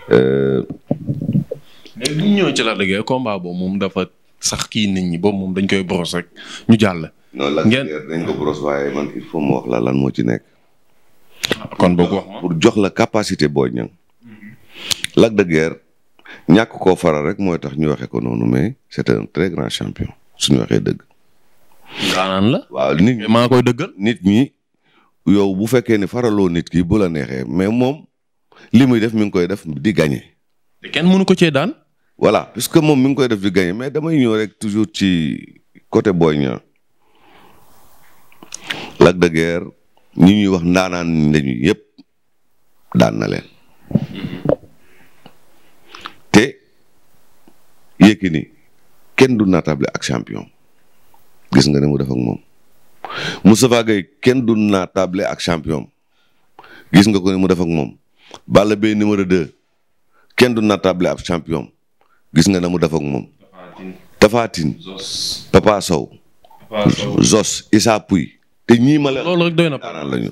léegi euh, ñu ñëwee ci la dëgg combat boobu moom dafa sax kii nit ñi boobu moom dañ koy boros rek ñu jàll. ngeen la lan moo ci nekk. Ah, kon boog wax jox la capacité booy ñang mm-hmm. Lac de Guiers ñàkk koo faral rek mooy tax ñu waxee ko noonu mais c'est un très grand champion suñu waxee dëgg. daanaan la. waaw nit ñi maa koy dëggal. nit ñi yow bu fekkee ne faraloo nit ki bu la neexee mais moom li muy def mi ngi koy def di gagné. te kenn mënu ko cee daan. voilà que moom mi ngi koy def di gagné mais damay ñëw rek toujours ci côté Boy Niang. Lac de Guiers ñi ñuy wax ndaanaan lañu yëpp daan na leen. Yékini kenn du naatable ak champion gis nga ne mu def ak moom kenn du naatable ak champion gis nga ko ne mu def ak moom Balla numéro 2 kenn du naatable ak champion gis nga ne mu def ak moom. Tapha Tine Sow. Zos Issa Pouye te ñii ma la. loolu rek doy na lañu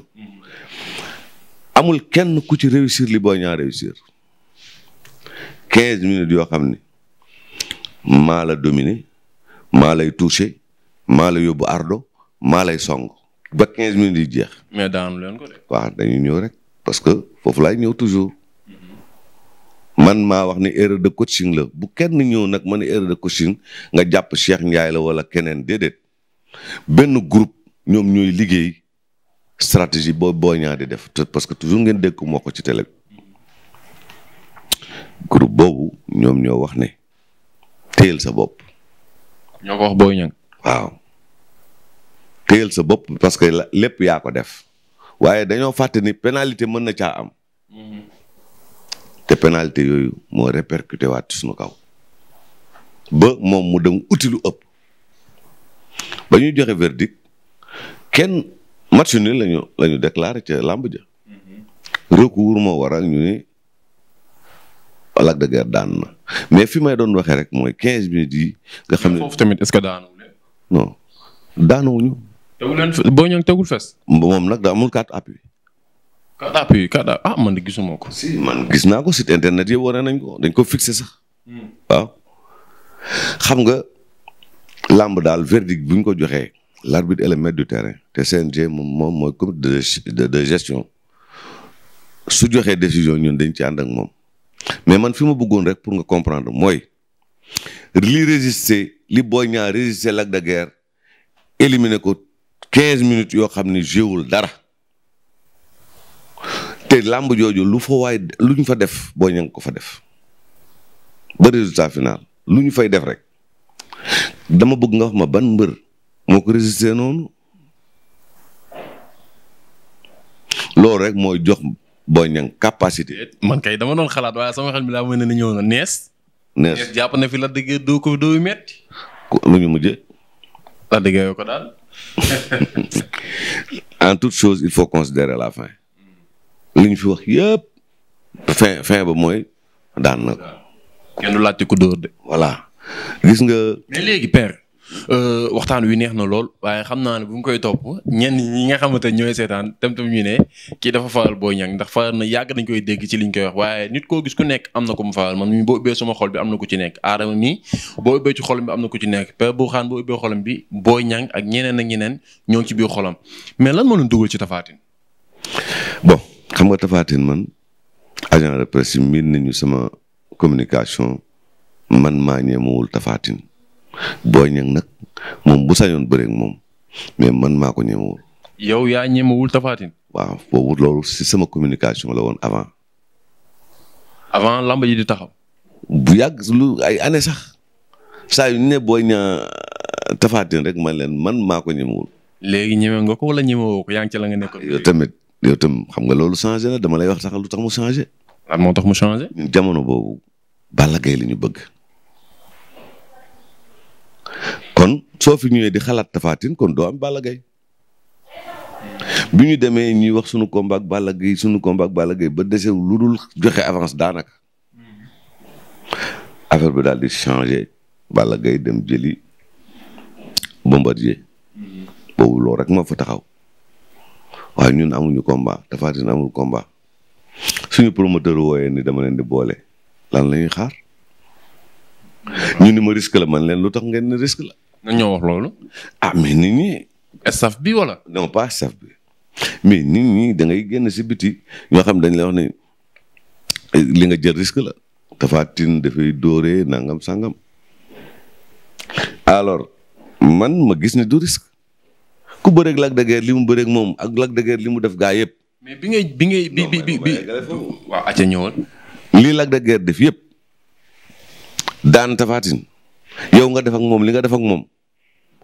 amul kenn ku ci réussir li boo ñaa réussir 15 minutes yoo xam ni. maa la dominer maa lay toucher maa la yóbbu ardo maa lay song ba quinze minutes yi jeex. mais daanu leen ko de. dañuy ñëw rek parce que foofu laay ñëw toujours man maa wax ni erreur de coaching la bu kenn ñëw nag ma ne heure de coaching nga jàpp Cheikh Ndiaye la wala keneen déedéet benn groupe ñoom ñooy liggéey stratégie boo boo ñaa di def parce que toujours ngeen dégg moo ko ci télé groupe boobu ñoom ñoo wax ne. téyel sa bopp. ñoo ko wax Boy sa bopp parce que lépp yaa ko def waaye dañoo fàtte ni pénalité mën na caa am. Mm-hmm. te pénalité yooyu moo répercuté waat suñu kaw. ba moom mu dem uti lu ëpp. ba ñu joxe verdict kenn match ni lañu la ñu déclaré ca làmb ja. Mm-hmm. recours moo waral ñu ni Lac de Guiers mais fi may doon waxee rek mooy quinze minutes yi. nga xam ne foofu tamit est ce que daanoo leen. non ñu. boo ñëwee tegul fes. moom nag daa amul carte appui. carte appui carte ah man ko. si man gis naa ko site internet yi wane nañ ko dañ ko fixé sax. Hmm. xam nga làmb daal verdict bu ñu ko joxee. l' arbitre est le maître du terrain te CNG moom moom mooy comité de gestion su joxee décision ñun dañ ci ànd ak moom. mais man fi ma bëggoon rek pour nga comprendre mooy li résister li Boy Niang résister Lac de Guiers éliminer ko quinze minutes yoo xam ni jéewul dara te làmb jooju lu fa waay lu ñu fa def Boy Niang ko fa def ba résultat final lu ñu fay def rek dama bëgg nga wax ma ban mbër moo ko résister noonu loolu rek mooy jox boo Niang capacité. man kay dama doon xalaat waaye sama xel mi laa mel ne ñëw na nees. nees nees jàpp na fi la déggee doo ko doo metti. lu ñu mujjee. la déggee ko daal. [LAUGHS] en toute chose il faut considérer la fin. li ñu fi wax yëpp. fin fin ba mooy daan na ko. kenn du ku dóor de. voilà gis nga. mais Euh, waxtaan wi neex na lool waaye xam naa ne bu ñu koy topp ñenn ñi nga xamante ne ñooy seetaan tam tam ñu ne kii dafa faral Boy Niang ndax faral na yàgg nañ koy dégg ci liñ koy wax waaye nit koo gis ku nekk am na ko mu faral man mii boo ubbee sama bi am na ku ci nekk aadama mii boo ubbee ci am na ku ci nekk Père Bou boo ubbee xolam bi ak ñeneen ak ñeneen ñoo ci biir xolam mais lan moo dugal ci Tapha Tine. xam nga Tapha man agent de presse yi miin nañu sama communication man maa ñeemawul Tapha Tine Boy Niang nag moom bu sañoon bëreeg moom mais man maako ko ñemewul. yow yaa ñemewul Tapha Tine. waaw boobu loolu si sama communication la woon avant. avant lamba ji di taxaw. bu yàgg lu ay année sax saa yu ne booy Niang euh, Tapha rek man leen man maa ko ñemewul. léegi ñeme nga ko wala ñemewoo ko yaa la nga nekk. yow tamit yow tam xam nga loolu changé na dama lay wax sax lu tax mu changé. lan tax mu changé. jamono boobu Balla Gaye li ñu bëgg. kon soo fi ñëwee di xalaat tafaatin kon doo am Balla Gaye bi ñu demee ñuy wax sunu combat ak Balla Gaye sunu combat Balla Gaye ba dese lu dul joxe avance daanaka affaire bi daal di changé Balla gay dem jëli Bombardier boobu loolu rek moo fa taxaw waaye ñun amuñu combat Tapha Tine amul combat suñu promoteur wooyee ni dama leen di boole lan lañuy ñuy xaar. ñu ni ma risque la man leen lu tax ngeen ne risque la. na ñoo wax loolu. ah mais nit ñi. staff bi wala. non pas staff bi mais nit ñi dangay ngay génn si biti ñoo xam dañ lay wax ne li nga jël risque la. Tapha Tine dafay dóoree nangam sangam alors man ma gis ne du risque ku bëreeg Lac de Guiers li mu bëreeg moom ak Lac de li mu def gaa yëpp. mais bi ngay bi ngay bi bi bi bi. waaw àcc ñëwoon. lii Lac de def yëpp. daan tafaatin yow nga def ak moom li nga def ak moom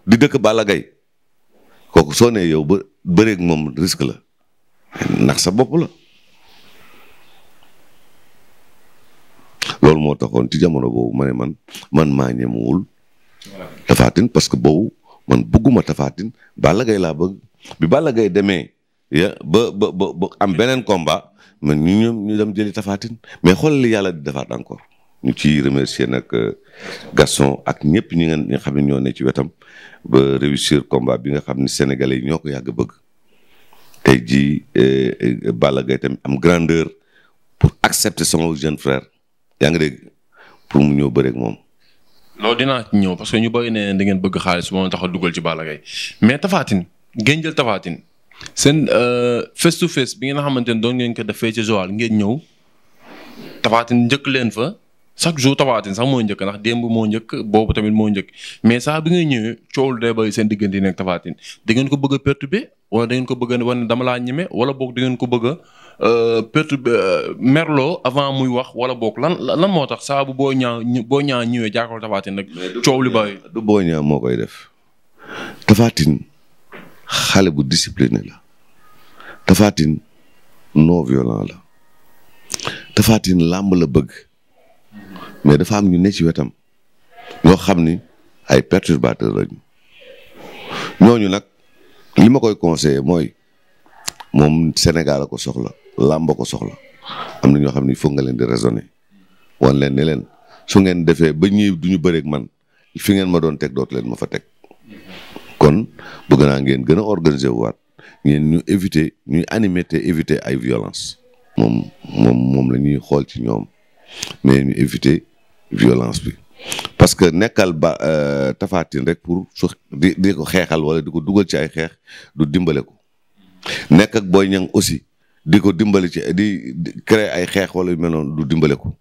di dëkk Balla Gaye kooku soo nee yow ba bëreeg moom risque la ndax sa bopp la. loolu moo taxoon ci jamono boobu ma ne man man maa ñemewul tafaatin parce que boobu man bëgguma tafaatin Balla Gaye laa bëgg Balla Gaye demee ya ba ba ba am beneen combat man ñu ñoom ñu dem jëli tafaatin mais xool li yàlla di defaat encore. ñu ci remercier nag euh, Gaston ak ñëpp ñi nga xam ne ñoo ne ci wetam ba réussir combat bi nga xam ni sénégalais yi ñoo ko yàgg bëgg tey jii euh, bala Gaye tamit am grandeur pour accepter son jeune frère yaa ngi dégg pour mu ñëw bëreeg moom. loolu dinaa ci ñëw parce que ñu bëri ne da ngeen bëgg xaalis moo tax a dugal ci Balla Gaye mais Tafatine ngeen jël Tafatine seen euh, face to face bi ngeen xamante ne doon ngeen ko defee ci Joal ngeen ñëw Tafatine njëkk leen fa. chaque jour Taphatine sax moo njëkk ndax démb moo njëkk boobu tamit moo njëkk mais saa bi ngay ñëwee coow lu day bari seen diggante yi nekk Taphatine da ngeen ko bëgg a perturber wala da ngeen ko bëgg a wane dama wala boog da ko bëgg a euh, perturber euh, avant muy wax wala boog lan lan moo tax saa boo ñaa boo ñëwee jàkkaarloo Taphatine nag. coow li du boo ñaa moo koy def Taphatine xale bu discipliné la Taphatine non la Taphatine làmb la bëgg. mais dafa am ñu ne ci wetam ñoo xam ni ay perturbateurs lañu ñooñu nag li ma koy conseillé mooy moom Sénégal ko soxla làmb ko soxla am na ñoo xam ne foog nga leen di raisonner wan leen ne leen su ngeen defee ba ñii du ñu bëreeg man fi ngeen ma doon teg dootu leen ma fa teg kon bëgg naa ngeen gën a organiser waat ngeen ñu éviter ñuy animer te éviter ay violence moom moom moom la ñuy xool ci ñoom mais ñu éviter violence bi parce que nekkal ba euh, Tapha Tine rek pour su di ko xeexal wala di ko dugal ci ay xeex du dimbale ko nekk booy Boy aussi di ko dimbali ci di créer ay xeex wala yu mel noonu du dimbale ko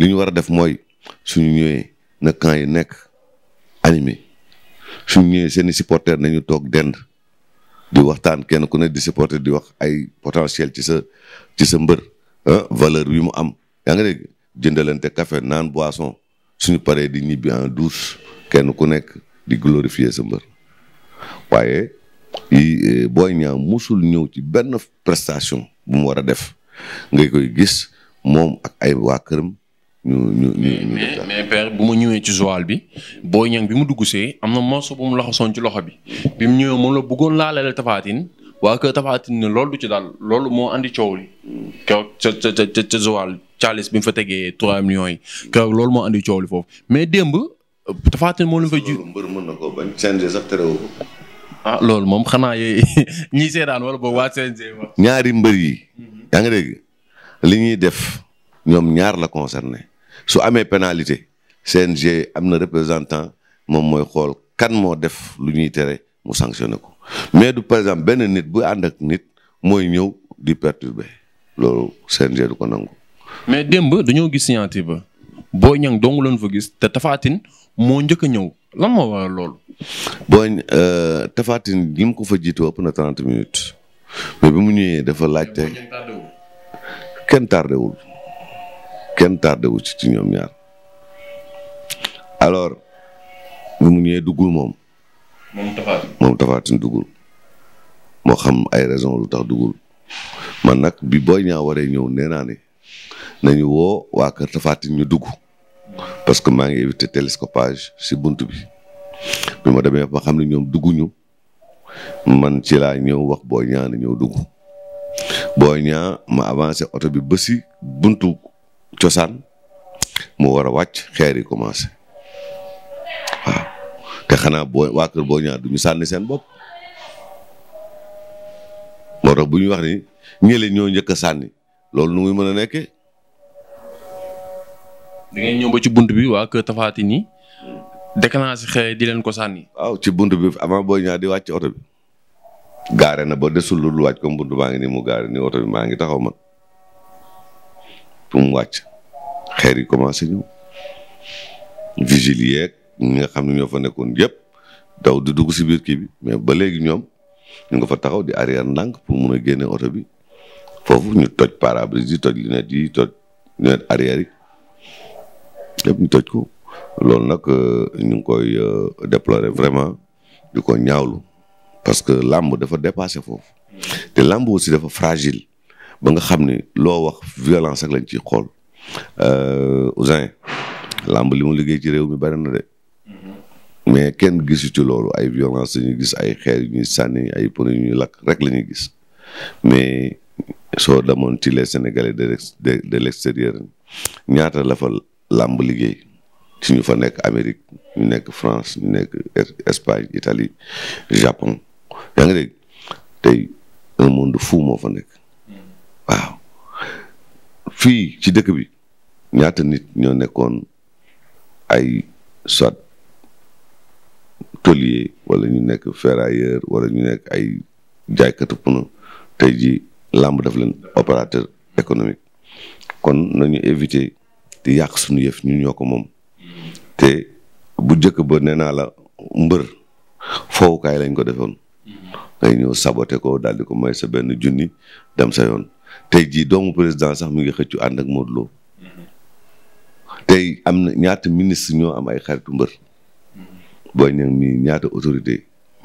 li ñu war a def mooy suñu ñëwee na camp yi nekk animé suñu ñëwee seeni i supporters nañu toog dend di waxtaan kenn ku ne di supporter di wax ay potentiel ci sa ci sa mbër valeur bi mu am yaa jëndalante café naan boisson suñu paree di ñibbi en douce kenn ku nekk di glorifier sa mbër waaye boo e, Boy Niang musul ñëw ci benn prestation bu mu war a def ngay koy gis moom ak ay waa këram ñu ñu ñu mais mais père bu ma ñëwee ci Joal bi Boy Niang bi mu dugg see am na morceau bu mu laxasoon ci loxo bi bi mu ñëwee moom la bëggoon laalale Tapha Tine waa kër Tapha Tine loolu du ci daal loolu moo andi coow li. keroog ca ca ca ca Joal Thialis bi mu fa tegee 3 millions yi. keroog loolu moo andi coow foofu mais démb Tapha Tine moo leen fa ji. mbër mën na ko bañ CNG sax terewu ko. ah loolu moom xanaa yooyu [LAUGHS] ñiy seetaan wala boog waa CNG. ñaari mbër yi. yaa ngi dégg li ñuy def ñoom ñaar la concerné su amee pénalité CNG am na représentant moom mooy xool kan moo def lu ñuy tere. mu sanctionné ko mais du par exemple benn nit bu ànd nit mooy ñëw di perturber loolu CNG du ko nangu. mais démb dañoo gis signature ba Boy Niang dong loon fa gis te Tapha moo njëkk a ñëw la moo waral loolu. Boy euh, Tapha Tine li ko fa jiitu ëpp na 30 minutes mais bi mu ñëwee dafa laajte. kenn tardé kenn tardé ci ci ñoom ñaar alors mu ñëwee duggul moom. moom Tapha Tine duggul moo xam ay raison lu tax duggul man nag bi booy Niang waree ñëw nee naa ne nañu woo waa kër Tapha ñu dugg parce que maa ngi éviter télescopage si bunt bi bi ma demee ba xam ne ñoom dugguñu man ci laa ñëw wax booy Niang ne ñëw dugg booy ñaa ma avancé oto bi ba si buntu cosaan mu war a wàcc xeer yi commencé te xanaa boo waa kër boo ñaar du sànni seen bopp moo tax bu ñu wax ni ñële ñoo njëkk a sànni loolu nu muy mën a nekkee. da ngeen ñëw ba ci bunt bi waa kër ni Tine nii déclenché xëy di leen ko sànni. waaw ci bunt bi avant boo ñaar di wàcc oto bi. gaare na boo desul lu wàcc comme bunt baa ngi nii mu gaare nii oto bi maa ngi taxaw man pour mu wàcc xeer yi commencé ñi nga xam ne ñoo fa nekkoon yëpp daw di dugg si biir kii bi mais ba léegi ñoom ñu nga fa taxaw di arrière ndànk pour mun a génne oto bi foofu ñu toj pare-brise yi toj lunette yi toj lunette arrière yi yëpp ñu toj ko loolu nag euh, ñu ngi koy euh, déplorer vraiment di ko ñaawlu parce que làmb dafa dépassé foofu te làmb aussi dafa fragile ba nga xam ni loo wax violence ak lañ ciy xool euh, Ousin lamb li mu liggéey ci réew mi bari na de mais kenn gisu ci loolu ay violence lañuy gis ay xeer yu ñuy sànni ay pono yu ñuy lakk rek lañu gis mais soo demoon ci les sénégalais de de l'extérieur ñaata la fa làmb liggéey suñu fa nekk Amérique ñu nekk France ñu nekk Espagne Italie Japon yaa ngi dégg tey un monde fou moo fa nekk waaw fii ci dëkk bi ñaata nit ñoo nekkoon ay soit tôlier wala ñu nekk ferrailleur wala ñu nekk ay jaaykatu pneu tey ji làmb daf leen opérateur économique kon nañu éviter di yàq sunu yëf ñu ñoo ko moom te bu jëkk ba nee naa la mbër foowukaay lañ ko defoon ngay ñëw saboté ko daal di ko may sa benn junni dem sa yoon tey jii doomu président sax mi ngi xëccu ànd ak Modou Lo tey am na ñaata ministre ñoo am ay xaritu mbër Boy Niang mii ñaata autorité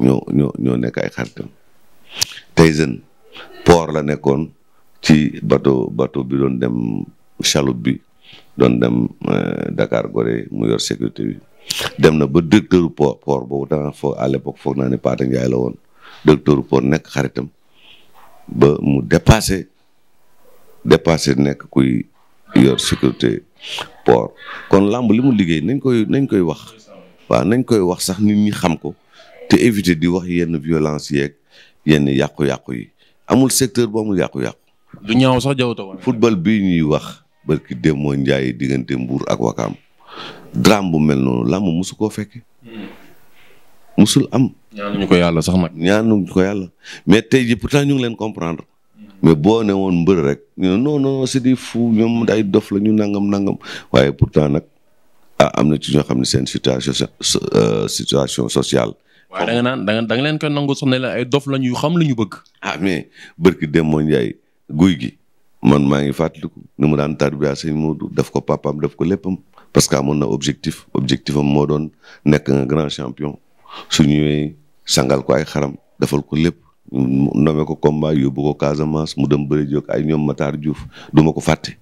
ñoo ñoo ñoo nekk ay xaritam Tyson port la nekkoon ci bato bateau bi doon dem chaloupe bi doon dem euh, Dakar Gorée mu yor sécurité bi dem na ba directeur port port boobu temps foo à l'époque foog naa ne Pate Ndiaye la woon directeur port nekk xaritam ba mu dépassé dépassé nekk kuy yor sécurité port kon làmb li mu liggéey nañ koy nañ koy wax waaw nañ koy wax sax nit ñi xam ko te éviter di wax yenn violence yeeg yenn yàqu-yàqu yi amul secteur bu amul yàqu-yàqu. du ñaaw sax jaww taw football bii ñuy wax barki dem moo njaay diggante Mbour ak Wakaam bu mel noonu làmb koo fekke am. ñaanuñu ko yàlla sax nag. ñaanuñu ko yàlla mais tey ji pourtant ñu ngi leen comprendre. mais boo ne woon mbër rek ñu ne non non c'est ñoom ay dof la ñu nangam nangam waaye pourtant nag. ah am na ci ñoo xam ne seen situation euh, situation sociale. waaw da nga naan da nga da leen ko nangu sax ne la ay dof lañ yu xam lu ñu bëgg. ah mais barki Demba Ndiaye guy gi man maa ngi fàttaliku ni mu daan tarbiya sëñ Modou def ko papaam def ko léppam parce que amoon na objectif objectif am moo doon nekk nga grand champion su ñëwee sangal ko ay xaram defal ko lépp. nome ko combat yóbbu ko Casamance mu dem bëri jóg ay ñoom Matar Diouf du ma ko fàtte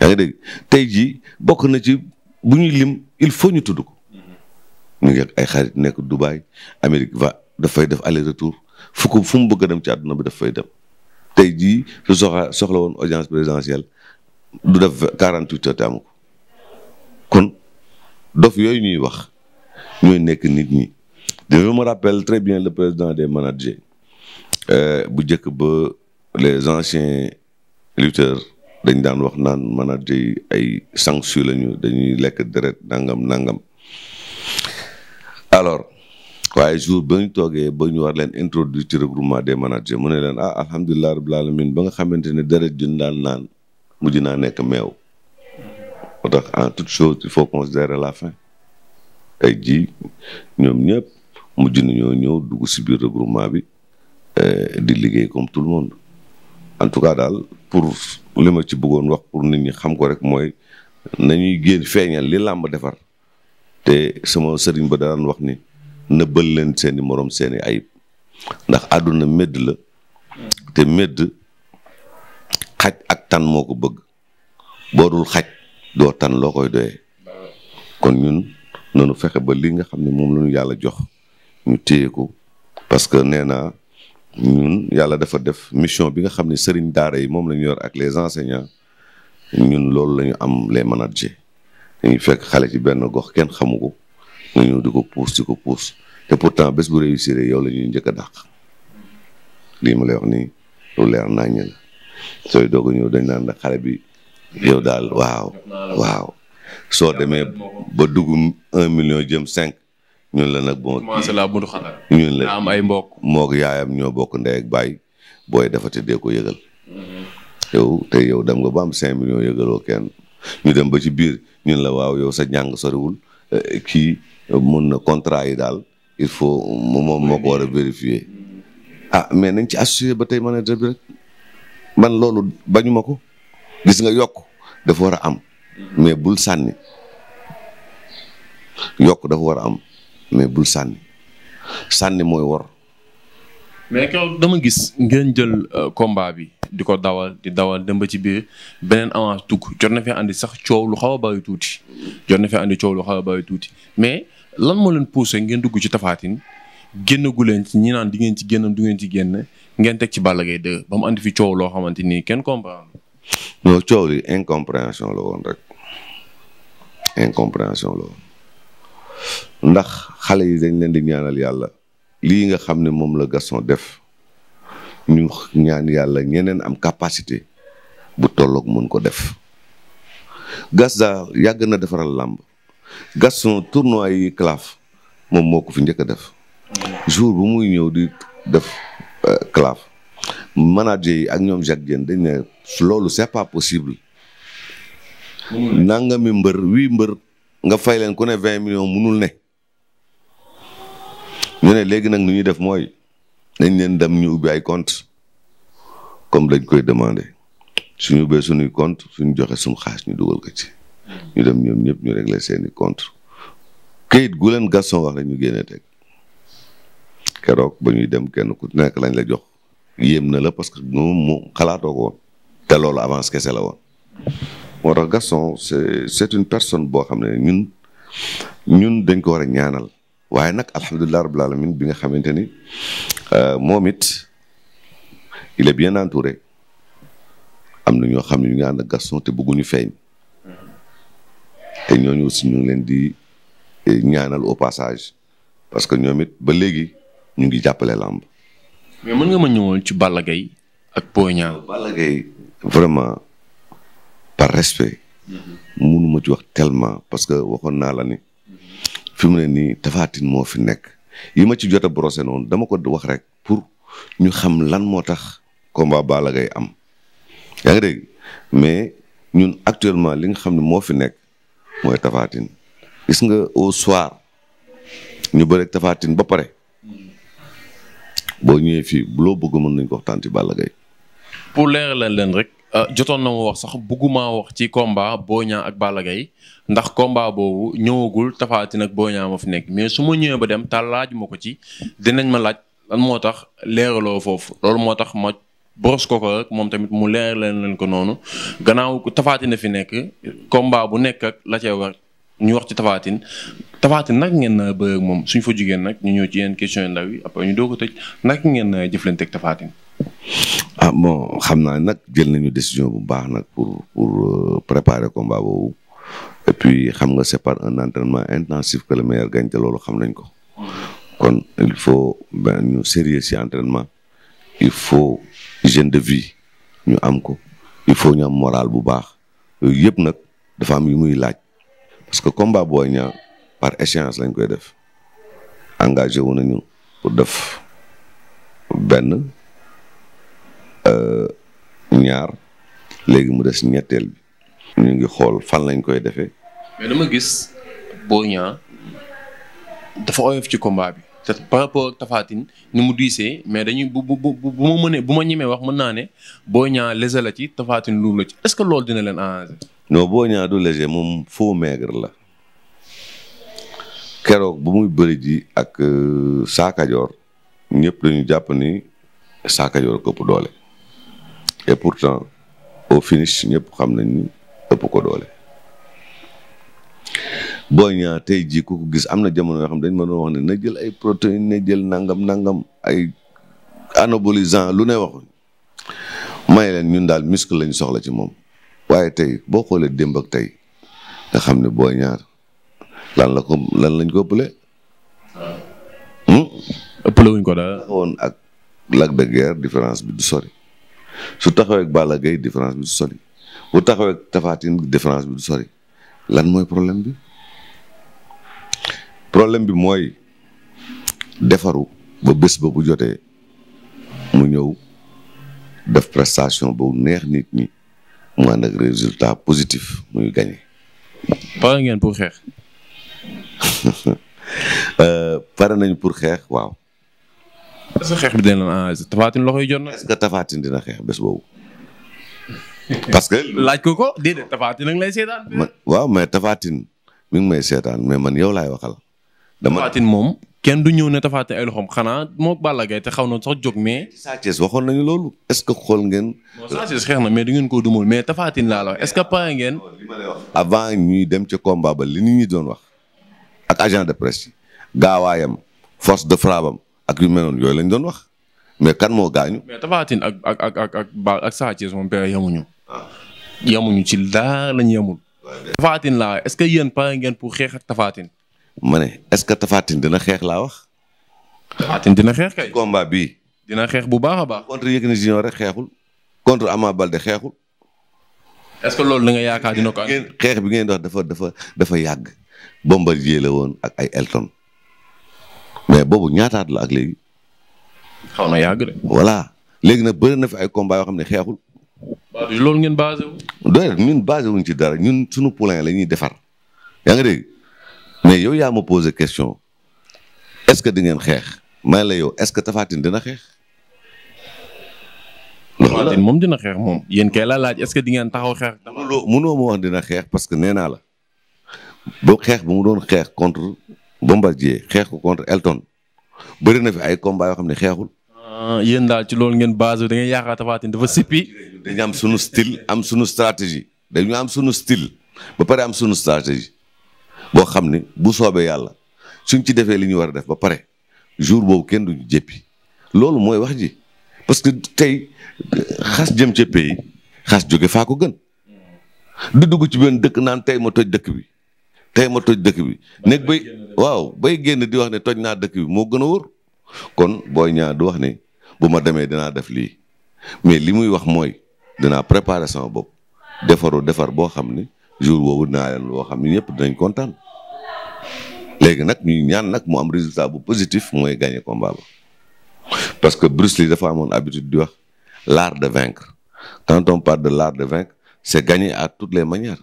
yaa ngi dégg tey jii bokk na ci bu ñuy lim il faut ñu tudd ko. Mm-hmm. mu ngi ay xarit nekk Dubaï Amérique va dafay def aller retour fu ko mu bëgg a dem ci àdduna bu daf fay dem. tey jii su soxla woon audience présidentielle du def quarante huit heures te amu ko dof yooyu ñuy wax ñooy nekk nit ñi. je me rappelle très bien le président des managers euh, bu njëkk ba les anciens lutteurs. dañ daan wax naan manager yi ay sanction lañu dañuy lekk deret nangam nangam alors waaye jour ba ñu toogee ba ñu war leen introduire ci regroupement des managers mu ne leen ah alhamdulilah rabbil alamin ba nga xamante ne deret jun daan naan mujj naa nekk meew moo tax en toute chose il faut considérer la fin ay ji ñoom ñëpp mujj nañoo ñëw dugg si biir regroupement bi eh, di liggéey comme tout le en tout cas daal pour li ma ci bëggoon wax pour nit ñi xam ko rek mooy nañuy génn feeñal li làmb defar te sama sëriñ ba daan wax ni bël leen seeni moroom seeni ayib ndax àdduna medd la te médd xaj ak tan moo ko bëgg boo dul xaj doo tan loo koy doyee kon ñun noonu fexe ba li nga xam ne moom la ñu yàlla jox ñu téye ko parce que ñun yàlla dafa def mission bi nga xam ne sëriñ daara yi moom lañu yor ak les enseignants ñun loolu la ñu am les managers dañuy fekk xale ci benn gox kenn xamu ko nga ñëw di ko puus di ko puus te pourtant bés bu réussir yow la ñuy njëkk a dàq lii ma lay wax nii lu leer naññ la sooy doog ñëw dañ naan xale bi yow daal waaw waaw soo demee ba dugg un million jëm cinq ñun la nag bon commencé laa budu xanaa ñun la am ay mbokk moog yaayam ñoo bokk ndey ak baay booy dafa te dee ko yëgal mm-hmm. yow te yow dem nga ba am cinq millions yëgaloo kenn ñu dem ba ci biir ñun la waaw yow sa njàng sorewul eh, kii mun na contrat yi daal il faut moom moo ko war a vérifier ah mais nañ ci associé ba tey manager bi rek man loolu bañuma ko gis nga yokk dafa a am mm-hmm. mais bul sànni yokk dafa war a am mais bul sànni sànni mooy wor. mais kaw dama gis ngeen jël euh, combat bi di ko dawal di dawal dem ba ci biir beneen avance tugg jot na fee andi sax coow lu xaw a bari tuuti jot na fee andi coow lu xaw a bari tuuti mais lan moo leen poussé ngeen dugg ci tafaatin génnagu leen ci ñi naan di ngeen ci génn du ngeen génn ngeen teg ci Balla Gaye 2 ba mu andi fi coow loo xamante ni kenn comprendre. non coow li incompréhension la woon rek incompréhension la woon ndax xale yi dañ leen di ñaanal yàlla lii nga xam ne moom la Gaston def ñu ñaan yàlla ñeneen am capacité bu tollook mën ko def gas daal yàgg na defaral làmb Gaston tournoi yi moom moo ku fi njëkk a def jour bu muy ñëw di def euh, claf manager yi ak ñoom Jacques Dieng dañ ne loolu c'est pas possible mi mbër wii mbër nga fay leen ku ne vingt millions munul ne ñu ne léegi nag nu ñuy def mooy dañ leen dem ñu ubbi ay compte comme dañ koy demandé suñu ubbee suñuy contre suñu joxe sum xaas ñu dugal ko ci. ñu dem ñoom ñëpp ñu régler seeni contre kayit gu leen Gaston wax rek ñu génnee teg keroog ba ñuy dem kenn ku nekk lañ la jox yéem na la parce que moom mu xalaatoo woon te loolu avance kese la woon. moo tax Gaston c'est une personne boo xam ne ñun ñun dañ ko war a ñaanal. waaye nag alhamdulilah rabbil alamin bi nga xamante ni euh, moom it il est bien entouré am na ñoo xam ne ñu ngi ànd ak Gaston te bëgguñu feeñ te ñooñu aussi ñu ngi leen di eh, ñaanal au passage parce que ñoom it ba léegi ñu ngi jàppale làmb mais mën nga ma ñëwoon ci Balla ak Boy Niang Balla Gaye vraiment par respect mm-hmm. mënuma ci wax tellement parce que waxoon naa la ni fi mu ne nii tafaatin moo fi nekk yi ma ci jot a brosé noonu dama ko wax rek pour ñu xam lan moo tax combat Balla Gaye am yaa ngi dégg mais ñun actuellement li nga xam ne moo fi nekk mooy tafaatin gis nga au soir ñu bëre ak tafaatin ba pare boo ñëwee fii loo bëgg mën nañ ko waxtaan ci Balla Gaye pour leeral leen rek Euh, jotoon na ma wax sax bëgguma wax ci komba Boy Niang ak Balla Gaye ndax komba boobu ñëwagul Tapha Tine ak Boy Niang ma fi nekk mais su ma ñëwee ba dem ta laaj ma ko ci dinañ ma laaj lan moo tax leeraloo foofu loolu moo tax ma boros ko ko moom tamit mu leer leen leen ko noonu gannaaw Tapha Tine fi nekk komba bu nekk ak la cee ñu wax ci Tapha Tine Tapha nag ngeen na bëgg moom suñ fa jugee nag ñu ñëw ci yenn question yu ndaw yi ñu doo ko tëj nag ngeen jëflante ak Tapha Tine ah bon xam naa nag jël nañu décision bu baax nag pour pour euh, préparer combat boobu et puis xam nga c'est par un entraînement intensif que le meilleur gagne te xam nañ ko. kon il faut ben ñu sérieux ci il faut hygiène de vie ñu am ko il faut ñu am moral bu baax yooyu yëpp nag dafa am yu muy laaj parce que combat Boy Niang par échéance lañ koy def engagé wu nañu pour def benn. Euh, ñaar léegi mu des ñetteel bi ñu ngi xool fan lañ koy defee. mais dama gis boo Niang dafa oyof ci combat bi te par rapport ak ni mu diisee mais dañuy bu bu ma mënee bu ma ñemee wax mën naa ne boo Niang léger la ci Tapha Tine la ci est-ce que loolu dina leen arranger. non Boy Niang du léger moom foo maigre la keroog bu muy bëri ji ak euh, Sa Kajoor ñëpp dañu jàpp ni Sa Kajoor këpp doole. et pourtant au finish ñëpp xam nañ ëpp ko doole. booy Niang tey jii ku gis am na jamono yoo xam dañ ma doon wax na jël ay protéines na jël nangam nangam ay anabolisant lu ne waxuñ may leen ñun daal muscle lañ soxla ci moom waaye tey boo xoolee démb ak tey nga xam ne Boy Niang lan la ko lan lañ ko ëppale. Hmm? wuñ ko daal. woon ak Lac de Guiers différence bi du sori. su taxawee ak Balla Gaye différence bi du sori bu taxawee ak tafaatin Tine différence bi du sori lan mooy problème bi problème bi mooy defaru ba bés ba bu jotee mu ñëw def prestation bu neex nit ñi mu ànd ak résultat positif muy gagné. pare ngeen pour xeex. [LAUGHS] Euh, pare nañ pour xeex waaw. est xeex bi dina leen enregistré tafaatin loxo yi jot na. est-ce que [LAUGHS] laaj ko ko déedéet tafaatin nag lay seetaan. waaw mais tafaatin mi ngi may seetaan mais man yow laay waxal. dama tafaatin moom kenn du ñëw ne tafaatin ay loxoom xanaa moo Balla Gaye te xaw na sax jóg mais. Sa Thiès waxoon nañu loolu est-ce que xool ngeen. xeex na mais du ngeen ko dumul mais tafaatin laa la wax est-ce que pare ngeen. avant ñuy dem ci combat ba li nit ñi doon wax. ak agent de presse yi. gaawaayam force de frappe am ak yu mel yooyu lañu doon wax mais kan moo gaañu. mais Tapha ak ak ak ak ak Ba ak Sa Thiès moom père yemuñu. Ah. yemuñu ci laa lañ yemul. Tapha Tine laa est-ce que yéen pare ngeen pour xeex ak Tapha Tine. ma ne est-ce que Tapha Tine dina xeex laa wax. Tapha dina xeex kay. combat bi dina xeex bu baax a baax. contre Yékini Junior rek xeexul. contre Ama Baldé xeexul. est-ce que loolu la nga yaakaar dina ko. xeex bi ngeen dox dafa dafa dafa yàgg. Bombardier la woon ak ay Elton. mais boobu ñaataat la ak léegi. xaw na yàgg de. voilà léegi nag bëri na fi ay combat yoo xam ne xeexul. waaw loolu ngeen basé wu. ci dara ñun suñu poulain la ñuy defar. yaa nga dégg mais yow yaa ma posé question est-ce que di ngeen xeex ma lay yow est-ce que Tapha Tine dina xeex. Tapha Tine moom dina xeex moom. yéen kay laaj est di ngeen taxaw xeex. mënoo ma wax dina xeex parce que nee naa la boo xeex bu mu doon xeex contre. Bombardier xeex ko contre Elton bëri na fi ay combat yoo xam ne xeexul. Ah, yéen daal ci loolu ngeen base da ngeen yaakaar Tapha Tine dafa sippi. dañu am sunu style am sunu stratégie dañu am sunu style ba pare am sunu stratégie boo xam ne bu soobee yàlla suñ ci defee li ñuy war a def ba pare jour boobu kenn du jëppi loolu mooy wax ji parce que tey xas jëm ca pays xas jóge faa ko gën di dugg ci benn dëkk naan tey ma toj dëkk bi. tey ma toj dëkk bi néeg bay waaw bay génn di wax ne toj naa dëkk bi moo gën a wóor kon booy ñaar du wax ne bu ma demee dinaa def lii mais li muy wax mooy dinaa préparer sama bopp defaru defar boo xam ne jour boobu dinaa leen loo xam ne ñëpp dinañ kontaan léegi nag ñuy ñaan nag mu am résultat bu positif mooy gagné combat ba parce que Bruce Lee dafa amoon habitude di wax l'art de vaincre quand on part de l'art de vaincre c'est gagner à toutes les manières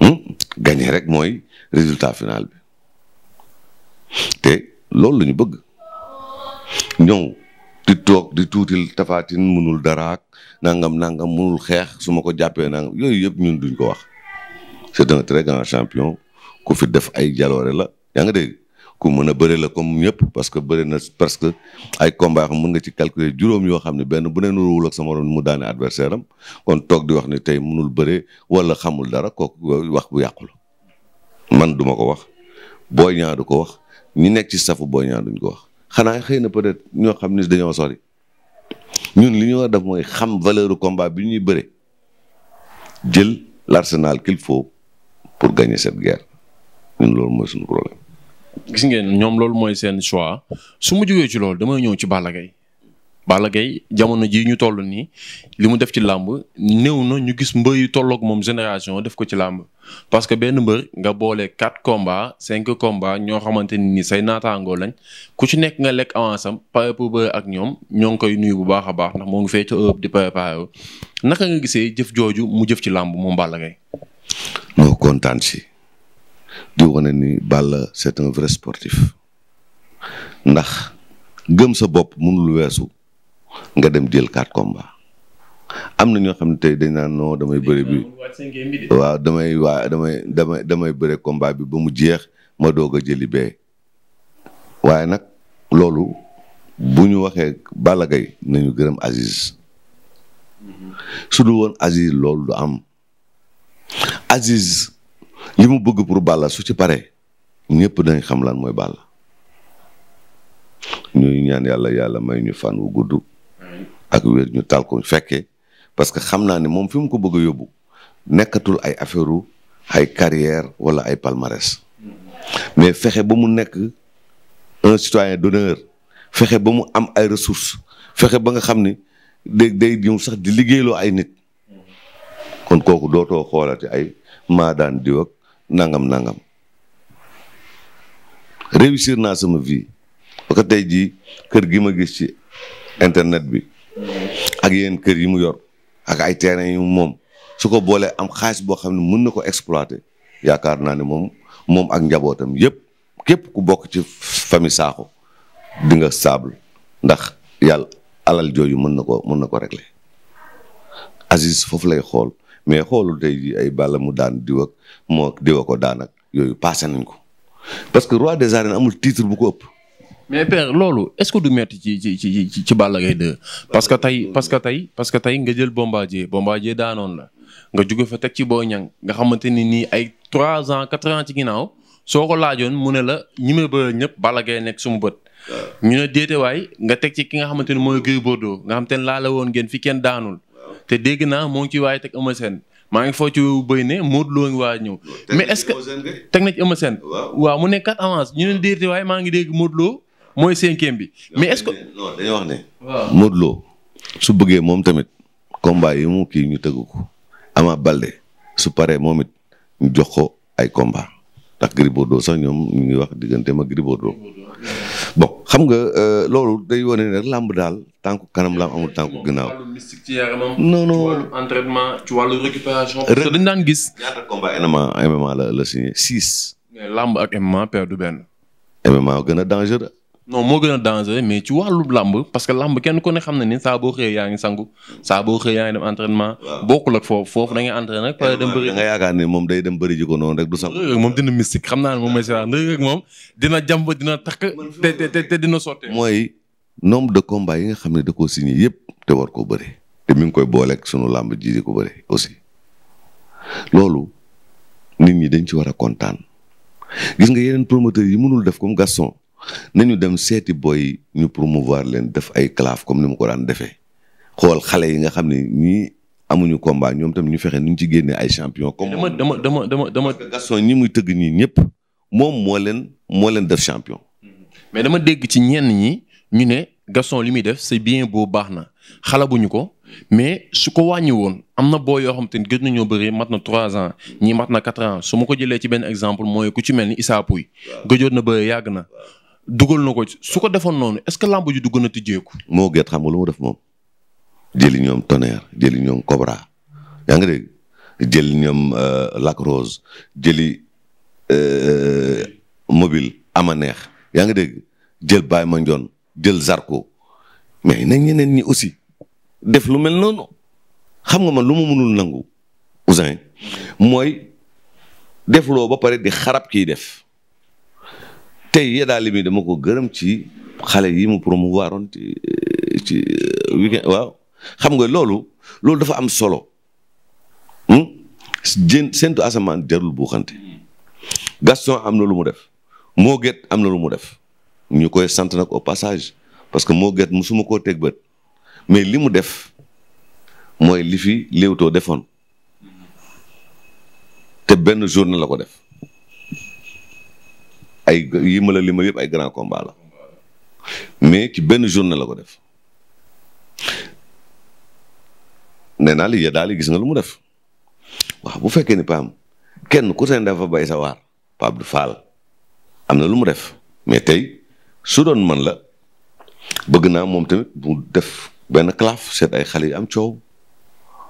hmm? gagné rek mooy résultat final bi te loolu la ñu bëgg ñëw di toog di tuutil tafaatin munul daraak nangam nangam mënul xeex su ma ko jàppee nangam yooyu yëpp ñun duñ ko wax c'est un très grand champion ku fi def ay jaloore la yaa nga dégg ku mën a bëri la comme ñëpp parce que bëri na parce que ay combat xam mën nga ci calculer juróom yoo xam ne benn bu ne nuruwul ak sa morom mu daane adversaire am kon toog di wax ni tey mënul bëre wala xamul dara kooku wax bu yàqu la man duma ko wax booy ñaar du ko wax ñi nekk ci safu Boy Niang duñ ko wax xanaa xëy na peut-être ñoo xam ni dañoo sori ñun li ñu wax a mooy xam valeur combat bi ñuy bëre jël l'arsenal qu'il faut pour gagner cette guerre loolu mooy suñu problème gis ngeen ñoom loolu mooy seen choix su ma jógee ci loolu damay ñëw ci Balla Gaye Balla Gaye jamono jii ñu toll nii li mu def ci làmb néew na ñu gis mbër yu tolloog moom génération def ko ci làmb parce que benn mbër nga boole quatre combats cinq combats ñoo xamante ni say naataangoo lañ ku ci nekk nga lekk avance am pare pour bëre ak ñoom ñoo ngi koy nuyu bu baax a baax ndax moo ngi fee ci Europe di préparé naka nga gisee jëf jooju mu jëf ci làmb moom kontaan si. di wane ni Balla c'est un vrai sportif ndax gëm sa bopp mënul weesu nga dem jël quatre combats am na ñoo xam ne tey dañ naan non damay bëre bi waaw damay waa damay damay damay combat bi ba mu jeex ma doog a jëli bee waaye nag loolu bu ñu waxee Balla Gaye nañu gërëm Aziz su dul woon Aziz loolu du am Aziz li mu bëgg pour Balla su ci pare ñëpp dañ xam lan mooy Balla ñuy ñaan yàlla yàlla may ñu fan wu gudd ak wér ñu tal ko fekkee parce que xam naa ni moom fi mu ko bëgg yóbbu nekkatul ay affaire ay carrière wala ay palmarès mais fexe ba mu nekk un citoyen d'honneur fexe ba mu am ay ressource fexe ba nga xam ni day day ñëw sax di liggéeyloo ay nit kon kooku dootoo xoolati ay maa daan diw nangam nangam réussir naa sama vie ba ko tey jii kër gi ma gis ci internet bi ak yeneen kër yi mu yor ak ay terrain yu moom su ko boolee am xaalis boo xam ne mën na ko exploité yaakaar naa ne moom moom ak njabootam yëpp képp ku bokk ci famille Sakho di nga stable ndax yàlla alal jooju mën na ko mën na ko régler Aziz foofu lay xool mais xoolu tey jii ay Balla mu daan diw ak moo diw ko daanak yooyu passé nañ ko parce que roi des arènes amul titre bu ko ëpp. mais père loolu est-ce que du metti ci ci ci ci Balla Gaye 2 parce que tey parce que tey parce que tey nga jël Bombardier Bombardier daanoon la nga jóge fa teg ci boo Niang nga xamante ni nii ay 3 ans 4 ans ci ginnaaw soo ko laajoon mu ne la ñi ma ñëpp bala Gaye nekk sumu bët. Ah. ñu ne déetewaay nga teg ci ki nga xamante ni mooy Gris Bordeaux nga xam te ne laa woon ngeen fi kenn daanul. te dégg naa moo ngi ci waaye teg Eumeu maa ngi foo ci bëy ne Modou Lo ngi waa ñëw. mais est-ce que teg na ci Eumeu waa mu nekk 4 avance ñu ne déedéet waaye maa ngi dégg Modou Lo mooy cinquième bi. mais est-ce que non wax ne. waaw su bëggee moom tamit combat yi mu kii ñu tëgg ko Ama Baldé su paree moom it ñu jox ko ay combat ndax Gris Bordeaux sax ñoom ñu ngi wax diggante ma Gris Bordeaux bon xam nga euh, loolu day wane ne làmb daal tànku kanam la amul tànku ginnaaw. wàllu mystique ci yaramam. non non ci wàllu entraînement ci wàllu daan gis. ñaata combat MMA MMA làmb ak MMA e du benn. MMA gën a dangereux. non moo gën a ci wàllu làmb parce que làmb kenn ku ne xam na ni saa yaa ngi sangu saa boo yaa ngi dem entraînement. bokkul ak foofu foofu da ngay entraîné rek. pare dem bëri da nga yaakaar ne moom day dem bëri ji ko noonu moom dina mystique mooy dina jàmb dina te te te mooy nombre de combats yi nga xam ne da koo signé yëpp te war koo bëri te mi ngi koy booleeg sunu làmb ji di ko bëri loolu nit ñi dañ ci war a kontaan gis nga yeneen promoteurs yi mënul def comme Gaston nañu dem seeti booy ñu promouvoir leen def ay claf comme ni ma ko daan defee xool xale yi nga xam ne ñii amuñu combat ñoom tam ñu fexe ñu ci génnee ay champion comme dama dama dama dama dama Gaston ñi muy tëgg ñii ñëpp moom moo leen moo leen def champion mais dama dégg ci ñenn ñi ñu ne Gaston li muy def c'est bien boo baax na xalabuñu ko mais su ko wàññi woon am na boo yoo xam te ne gëj nañoo bëri mat na trois ans ñi mat na quatre ans su ma ko jëlee ci benn exemple mooy ku ci mel ni Issa Pouye gëjoon na bëri yàgg na dugal na ko ci su ko defoon noonu est ce que lamb ji na gën a tijjeeku. moo gét xam nga lu mu def moom jëli ñoom tonnerre jëli ñoom Cobra yaa ngi dégg jëli ñoom euh, Lac Rose jëli euh, mobile ama yaa ngi dégg jël Baye Mandione jël Zarko mais nañ ñeneen ñi aussi def lu mel noonu xam nga man lu ma mënul nangu Ouzin mooy defloo ba pare di xarab kiy def. tey Yada Limamou dama ko gërëm ci xale yi mu promouvoir on ci euh, ci euh, weekend waaw xam nga loolu loolu dafa am solo hmm? jën séntu asamaan jarul buuxante Gaston am na lu mu def moo get am na lu mu def ñu koy sant nag au passage parce que moo get musuma koo teg bët mais li mu def mooy li fi Leewtoo defoon te benn journée la ko def ay yi ma la limal yëpp ay grand combat la mais ci benn journée la ko def nee naa li ya daal gis nga lu mu def waaw bu fekkee ni paam kenn ku seen dafa bay sa waar Pape du Fall am na lu mu def mais tey su doon man la bëgg naa moom tamit bu def benn claf seet ay xale yi am coow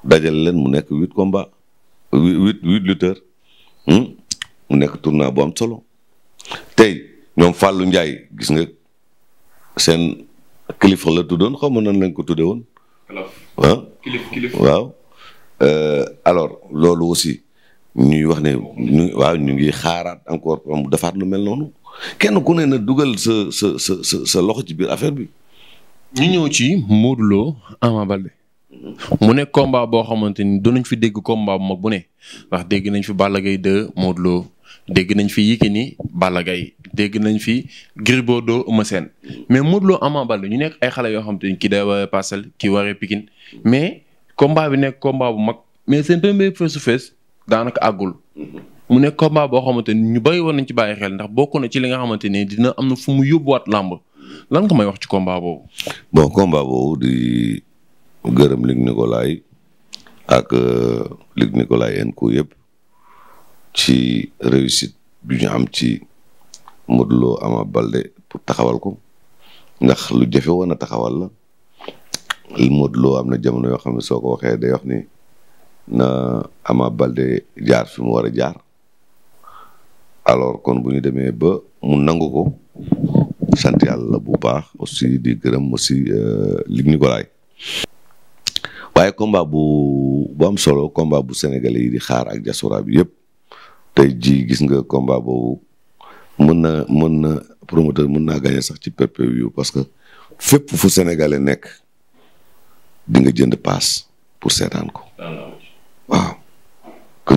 dajal leen mu nekk huit combat huit huit lutteurs hmm, mu nekk tournoi bu am solo tey ñoom fàllu njaay gis nga seen kilifa la tuddoon xaw ma nan lañ ko tuddee woon. ah waaw. Euh, alors loolu aussi ñuy wax ne ñu waaw ñu ngi xaaraat encore mu defaat lu mel noonu kenn ku ne na dugal sa sa sa loxo ci biir affaire bi. ñu ñëw ci Modou Lo Ama Baldé mu nekk combat boo xamante ni nañ fi dégg combat bu mag bu ne ndax dégg nañ fi Balla Gaye 2 Modou dégg nañ fi ni Balla Gaye dégg nañ fi Gris Bordeaux Eumeu mais Modou Lô Ama ñu nekk ay xale yoo xam te ni kii day waree Parcelles ki waree Pikine mais combat bi nekk combat bu mag mais seen premier face to face daanaka àggul. mu nekk combat boo xamante ni ñu bëri woon nañ ci bàyyi xel ndax bokk na ci li nga xamante ne dina am na fu mu yóbbuwaat làmb lan nga may wax ci combat boobu. bon combat boobu di gërëm Luc Nicolaï ak euh, Luc Nicolaï en ko yëpp. ci réussit bi am ci Modou Lo Ama Baldé taxawal ko ndax lu jafe woon na taxawal la Modou Lo am na jamono yoo xam ne soo ko waxee day wax ni na Ama Baldé jaar fi mu war a jaar alors kon bu ñu demee ba mu nangu ko sant la bu baax aussi di gërëm mossi euh, Luc Nicolaï waaye combat bu bu am solo combat bu senegal yi di xaar ak diaspora bi yëpp te jii gis nga combat boobu mën na mën na promoteur mën na gagné sax ci PPV parce que fépp fu sénégalais nekk di nga jënd paas pour seetaan ko. waaw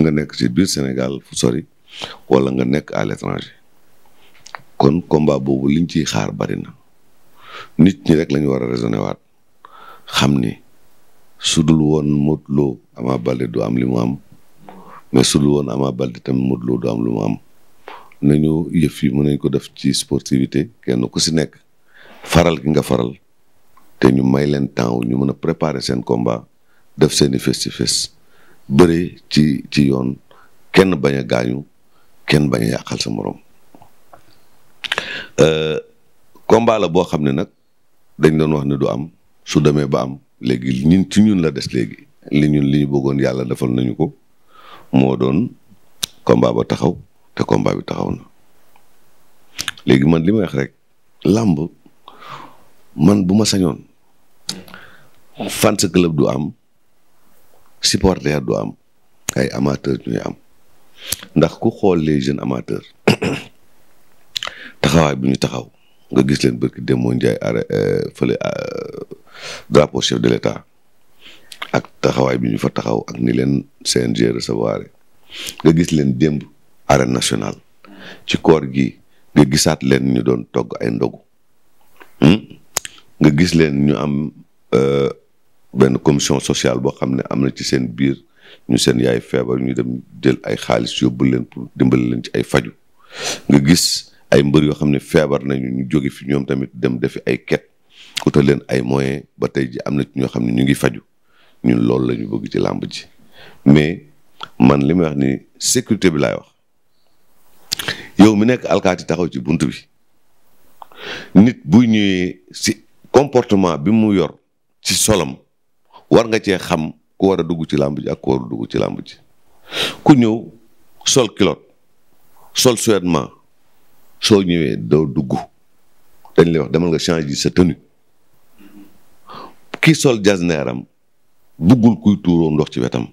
nga nekk ci biir Sénégal fu sori wala nga nekk à l'étranger kon combat boobu liñ ciy xaar bari na nit ñi rek lañu war a raisonné waat xam ni su dul woon Modou Lo Ama Baldé du am li mu am. mais su dul woon Ama Baldé tamit Modou Lô du am lu mu am nañu yëf yi mën nañ ko def ci sportivité kenn ku si nekk faral ki nga faral te ñu may leen temps ñu mën a préparer seen combat def seen i face to face bëre ci ci yoon kenn bañ a gaañu kenn bañ a yàqal sa moroom euh, combat la boo xam ne nag dañ doon wax ne du am su demee ba am léegi ñun ci ñun la des léegi li ñun li ñu bëggoon yàlla defal nañu ko moo doon combat ba taxaw te combat bi taxaw na léegi man li may wax rek làmb man bu ma sañoon fans club du am supporter du am ay amateurs ñuy am ndax ku xool les jeunes amateurs [COUGHS] taxawaay bi ñu taxaw nga gis leen barki Demba Ndiaye arrêt euh, fële euh, drapeau chef de l' ak taxawaay bi ñu fa taxaw ak ni leen seen CNG recevoir nga gis leen démb arène nationale ci koor gi nga leen ñu doon togg ay ndogu hmm? nga gis leen ñu am euh, benn commission sociale boo xam ne am na ci seen biir ñu seen yaay feebar ñu dem jël ay xaalis yóbbu leen pour dimbali leen ci ay faju nga gis ay mbër yoo xam ne feebar nañu ñu jóge fi ñoom tamit dem defi ay ket utal leen ay moyen ba tey ji am na ci ñoo xam ne ñu ngi faju ñun loolu la ñu bëgg ci làmb ji mais man li may wax ni sécurité bi laay wax yow mi nekk alkaati taxaw ci bunt bi nit buy ñëwee si comportement bi mu yor ci solam war nga cee xam ku war a dugg ci làmb ji ak ku dugg ci làmb ku ñëw sol kilot sol suèdement soo ñëwee doo dugg dañ lay wax demal nga changer sa tenue ki sol jasneeram bëggul kuy tuuroo ndox ci wetam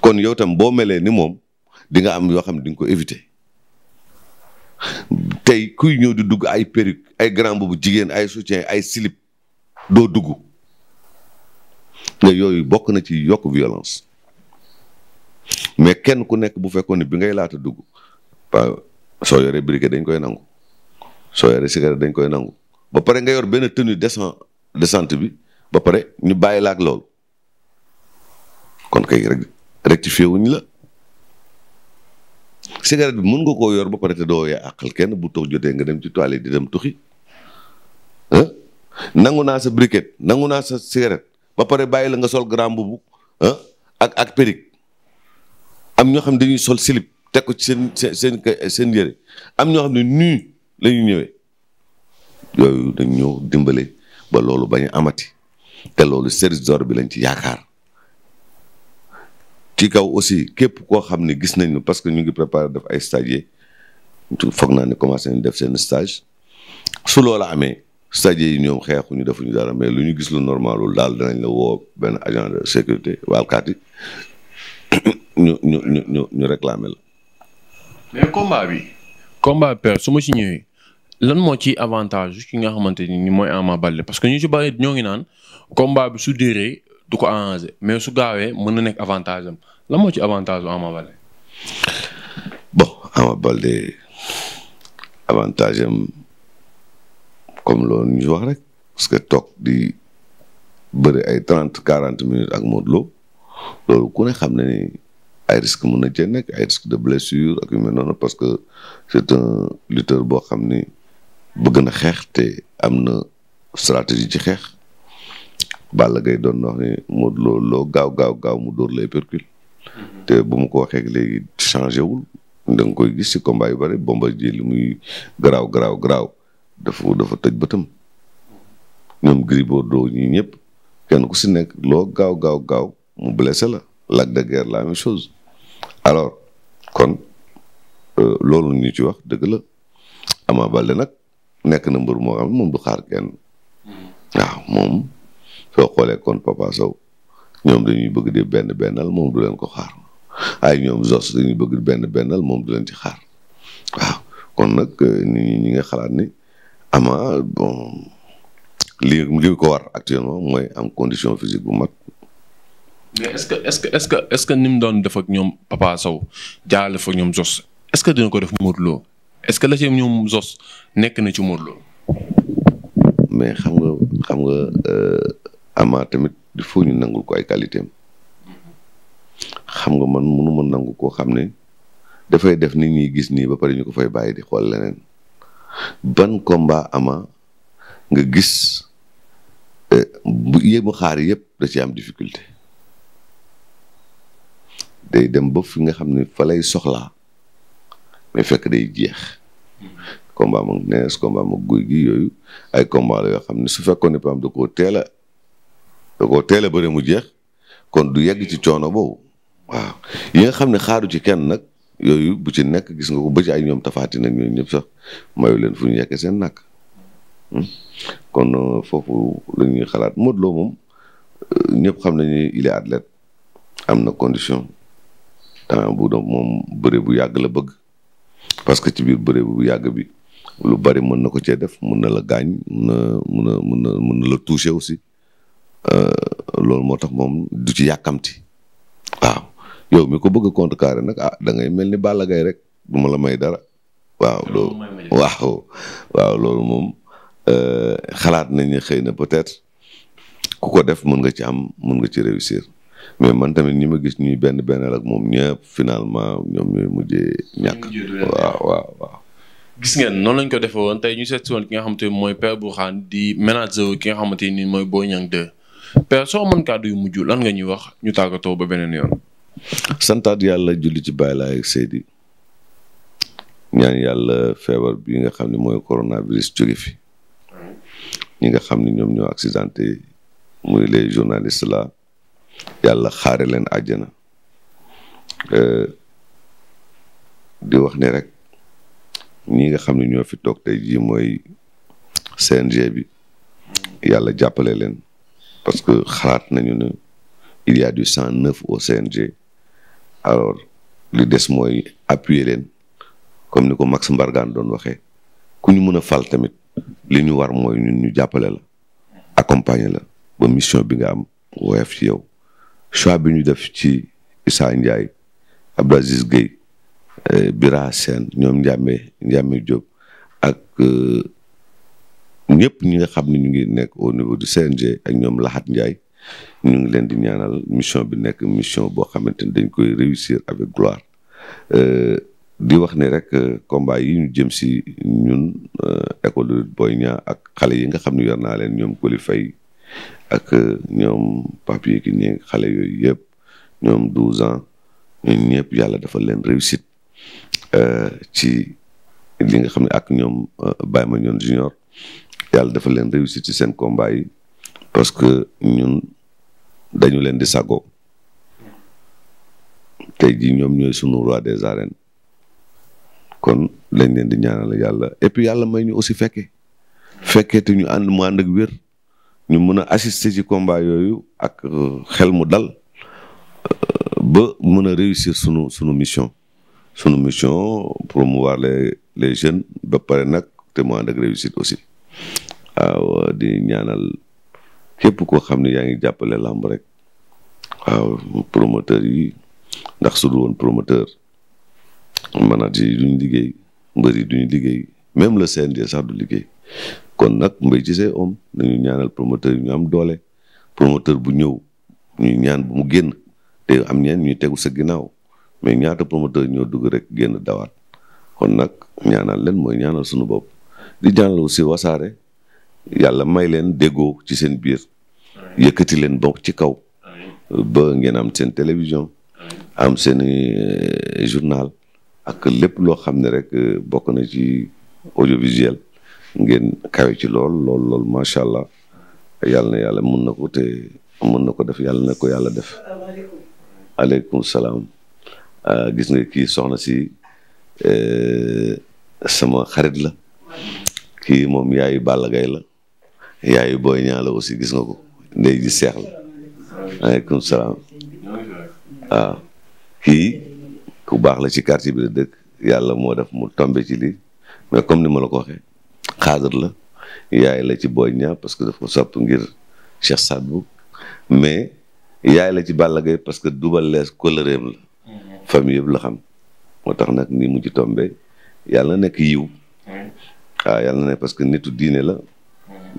kon yow tam boo melee ni moom di nga am yoo xam ne di ko éviter tey kuy ñëw di dugg ay perruque ay grand boobu jigéen ay soutien ay slip doo dugg nga yooyu bokk na ci yokk violence mais kenn ku nekk bu fekkoon ne bi ngay laata dugg soo yoree briquet dañ koy nangu soo yoree cigarette dañ koy nangu ba pare nga yor benn tenue décent descente bi ba pare ñu bàyyi la ak kon kay rek rectifié wuñ la cigarette bi mun nga koo yor ba pare te doo yaa àqal kenn bu toog jotee nga dem ci toilette di dem toxi nangu naa sa briquet nangu naa sa cigarette ba pare bàyyi la nga sol grand mbubu ak ak périk am ñoo xam ne dañuy sol silip teg ko ci seen seen yére am ñoo xam ne nii la ñuy ñëwee yooyu dañ ñëw dimbale. ba loolu bañ amati te loolu service d'ordre bi lañ ci yaakaar ci kaw aussi képp koo xam ne gis nañ nañu parce que ñu ngi préparé def ay stagiaires foog naa ni commencé nañ def seen stage su loola amee stagiaires yi ñoom ñu defuñu dara mais lu ñu gis lu normal lu daal danañ la woo benn agent de sécurité waalkaat yi [COUGHS] ñu ñu ñu ñu la. mais combat bi. su ma ci ñëwee. lan moo ci avantage ki nga xamante ni mooy Ama Baldé parce que ñu ci bari ñoo ngi naan combat bi su déree du ko arrangé mais su gaawee mën na nekk avantage am lan moo ci avantage bu Ama Baldé. bon Ama Baldé avantage am comme loolu ñu wax rek parce que toog di bëri ay trente quarante minutes ak Modou loolu ku ne xam ne ni ay risque mën na cee nekk ay risque de blessure ak yu mel noonu parce que c'est un lutteur boo xam ni. bëgg na xeex te am na stratégie ci xeex Balla Gaye doon wax ne Modou loo gaaw gaaw gaaw mu door lay percule te bu mu ko waxee léegi changé wul da nga koy gis ci combat yu bëri Bombardier li muy garaaw garaaw graaw dafa dafa tëj bëtam ñoom Gris Bordeaux ñi ñëpp kenn ku si nekk loo gaaw gaaw gaaw mu blessé la Lac de Guiers la même chose alors kon euh, loolu ñu ci wax dëgg la Ama Baldé nag nekk na mbër moo xam moom du xaar kenn. waaw moom soo xoolee kon Papa Sow ñoom dañuy bëgg di benn bennal moom du leen ko xaar ay ñoom Zos dañuy bëgg di benn bennal moom du leen ci xaar waaw kon nag euh, nii ñu nga xalaat ni ama bon li li ko war actuellement mooy am condition physique bu mat. mais est-ce est-ce que est que ni mu doon def ak ñoom Papa Sow jaarale fa ñoom Zos est-ce que dina ko def Modou Lo est que la ci ñoom sos nekk na ci Modou mais xam nga xam nga euh, Ama tamit il faut ñu nangul ko ay qualité xam nga man mënu nangu koo xam ne dafay def ni ñuy gis nii ba pare ñu ko fay bàyyi di xool leneen ban combat Ama nga gis euh, bu yéemu xaar yëpp da ci am difficulté day dem ba fi nga xam ne falay soxla soxlaa mais fekk day jeex. combat moom nees combat moom guy gi yooyu ay combat la yoo xam ne su fekkoon ne PAM da koo teel a da koo teel a bëri mu jeex kon du yegg ci coono boobu waaw yi nga xam ne xaaru ci kenn nag yooyu bu ci nekk gis nga ko ba ay ñoom tafaati nag ñëpp sax mayu leen fu ñu yekkee seen nag hmm? kon euh, foofu la ñuy xalaat Modou Lo moom euh, ñëpp xam nañu il est athlète am na condition temps bu doon moom bëre bu yàgg la bëgg parce que ci biir bëre bu yàgg bi lu bari mën na ko cee def mën na la gaañ mën na mën na la toucher aussi euh, loolu moo tax moom du ci yàkkamti waaw yow mi ko bëgg a contrecarrer nag ah da ngay mel ni Balla Gaye rek du ma la may dara. waaw loolu waaw waaw loolu moom euh, xalaat nañ ne xëy na peut-être ku ko def mën nga ci am mën nga ci réussir. mais man tamit ñi ma gis ñuy benn bennal ak moom ñëpp finalement ñoom ñooy mujjee gis ngeen noonu lañ ko defee woon tey ñu seet si woon ki nga xamante ni mooy Père Bourkhane di manager ki nga xamante ni mooy Boy Niang 2 Père soo mën kàddu yu mujj lan nga ñuy wax ñu tàggatoo ba beneen yoon yàlla julli ci bàyyi laay ak Seydi ñaan yàlla nga xam ne mooy coronavirus jóge fi ñi nga xam ne ñoom ñoo accidenté muy les journalistes la yàlla xaare leen àjjana euh, di wax ni rek ñi nga xam ne ñoo fi toog tey jii mooy CNG bi yàlla jàppale leen parce que xalaat nañu ne il y a du cent neuf au CNG alors li des mooy appuyer leen comme ni ko Max Mbargane doon waxee ku ñu mën a fal tamit li ñu war mooy ñu jàppale la accompagner la ba mission bi nga am woyof ci yow choix bi ñu def ci Issa Ndiaye Abdou Aziz Gueye eh, Bira Sène ñoom Ndiame Ndiame Diop ak eh, ñëpp ñi nga xam ne ñu ngi nekk au niveau du CNG ak ñoom Lahat Ndiaye ñu ngi leen di ñaanal mission bi nekk mission boo xamante ni dañ koy réussir avec gloire eh, di wax ne rek combat yi ñu jëm si ñun école de Boy Niang ak xale yi nga xam ne yor naa leen ñoom Koli Faye ak euh, ñoom papier ki ñeeg xale yooyu yëpp ñoom douze ans ñun ñëpp yàlla dafa leen réussite euh, ci li nga xam ne ak ñoom ma euh, Mandione junior yàlla dafa leen réussite ci seen combat parce que ñun dañu leen di sago tey jii ñoom ñooy sunu roi des arènes kon lañ leen di ñaanal yàlla et yàlla may ñu aussi fekke fekkee te ñu ànd mu ànd ak wér ñu mën a assister ci combat yooyu ak euh, xel mu dal euh, ba mën a réussir sunu sunu mission sunu mission promouvoir les les jeunes ba pare nag te mu ànd ak aussi waaw di ñaanal képp koo xam ne yaa ngi jàppale làmb rek waaw promoteur yi ndax su dul woon promoteur manager yi duñu liggéey mbër du duñu liggéey même le CNG sax du liggéey kon nag Mbaye Cissé om nañu ñaanal promoteur yi ñu am doole promoteur bu ñëw ñu ñaan bu mu génn te am ñeen ñu tegu sa ginnaaw mais ñaata promoteur ñoo dugg rek génn dawaat kon nag ñaanal leen mooy ñaanal suñu bopp di ñaanal aussi wasaare yàlla may leen déggoo ci seen biir yëkkati leen bopp ci kaw ba ngeen am seen télévision am seeni euh, journal ak lépp loo xam ne rek euh, bokk na ci audiovisuel ngeen kawe ci lool lool lool macha allah yàlla na yàlla mun na ko te mun na ko def yàlla na ko yàlla def. aleykum salaam ah, gis nga kii soxna si eh, sama xarit la kii moom yaayu Balla Gaye la yaayu Boy Niang la aussi gis nga ko ndey ji seex la aleykum salaam ah, kii ku baax la ci quartier bi la dëkk yàlla moo def mu tombe ci lii mais comme ni ma la ko waxee. xaadar la yaay la ci Boy Niang parce que daf ko ngir Cheikh Sadbou mais yaay la ci Balla parce que Double Less kóllëreem la mm-hmm. famille yëpp la xam moo tax nag nii mu ci tombé yàlla na yiw waaw mm-hmm. ah, yàlla na nekk que nitu diine la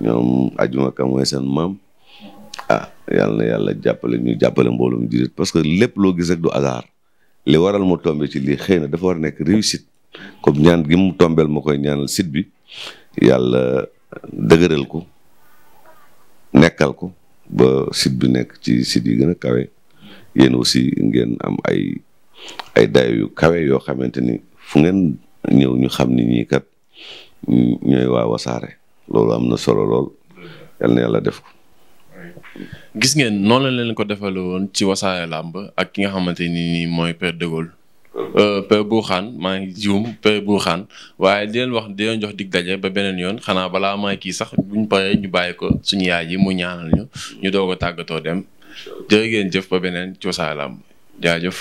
mm-hmm. ñoom mooy seen maam ah yàlla yàlla jàppale ñu jàppale mboolum jullit parce que lépp loo gis rek du hasard li waral ci lii xëy na dafa war nekk réussite comme ñaan gi mu tombeel ma koy ñaanal site bi yàlla dëgëral ko nekkal ko ba site bi nekk ci site yi gën a kawe yéen aussi ngeen am ay ay dayo yu kawe yoo xamante ni fu ngeen ñëw ñu xam ni ñii kat ñooy waa wasaare loolu am na solo lool yal na yàlla def ko. gis ngeen noonu la leen ko defaloon ci wasaare làmb ak ki nga xamante ni mooy Père de Euh, Père Bourkhane maa ngi juum Père Bourkhane waaye di leen wax di leen jox dig daje ba beneen yoon xanaa balaa maa kii sax buñ paree ñu bàyyi ko suñu yaay yi mu ñaanal ñu ñu doog a tàggatoo dem jërë ngeen jëf ba beneen Wassare Lamb jaajëf.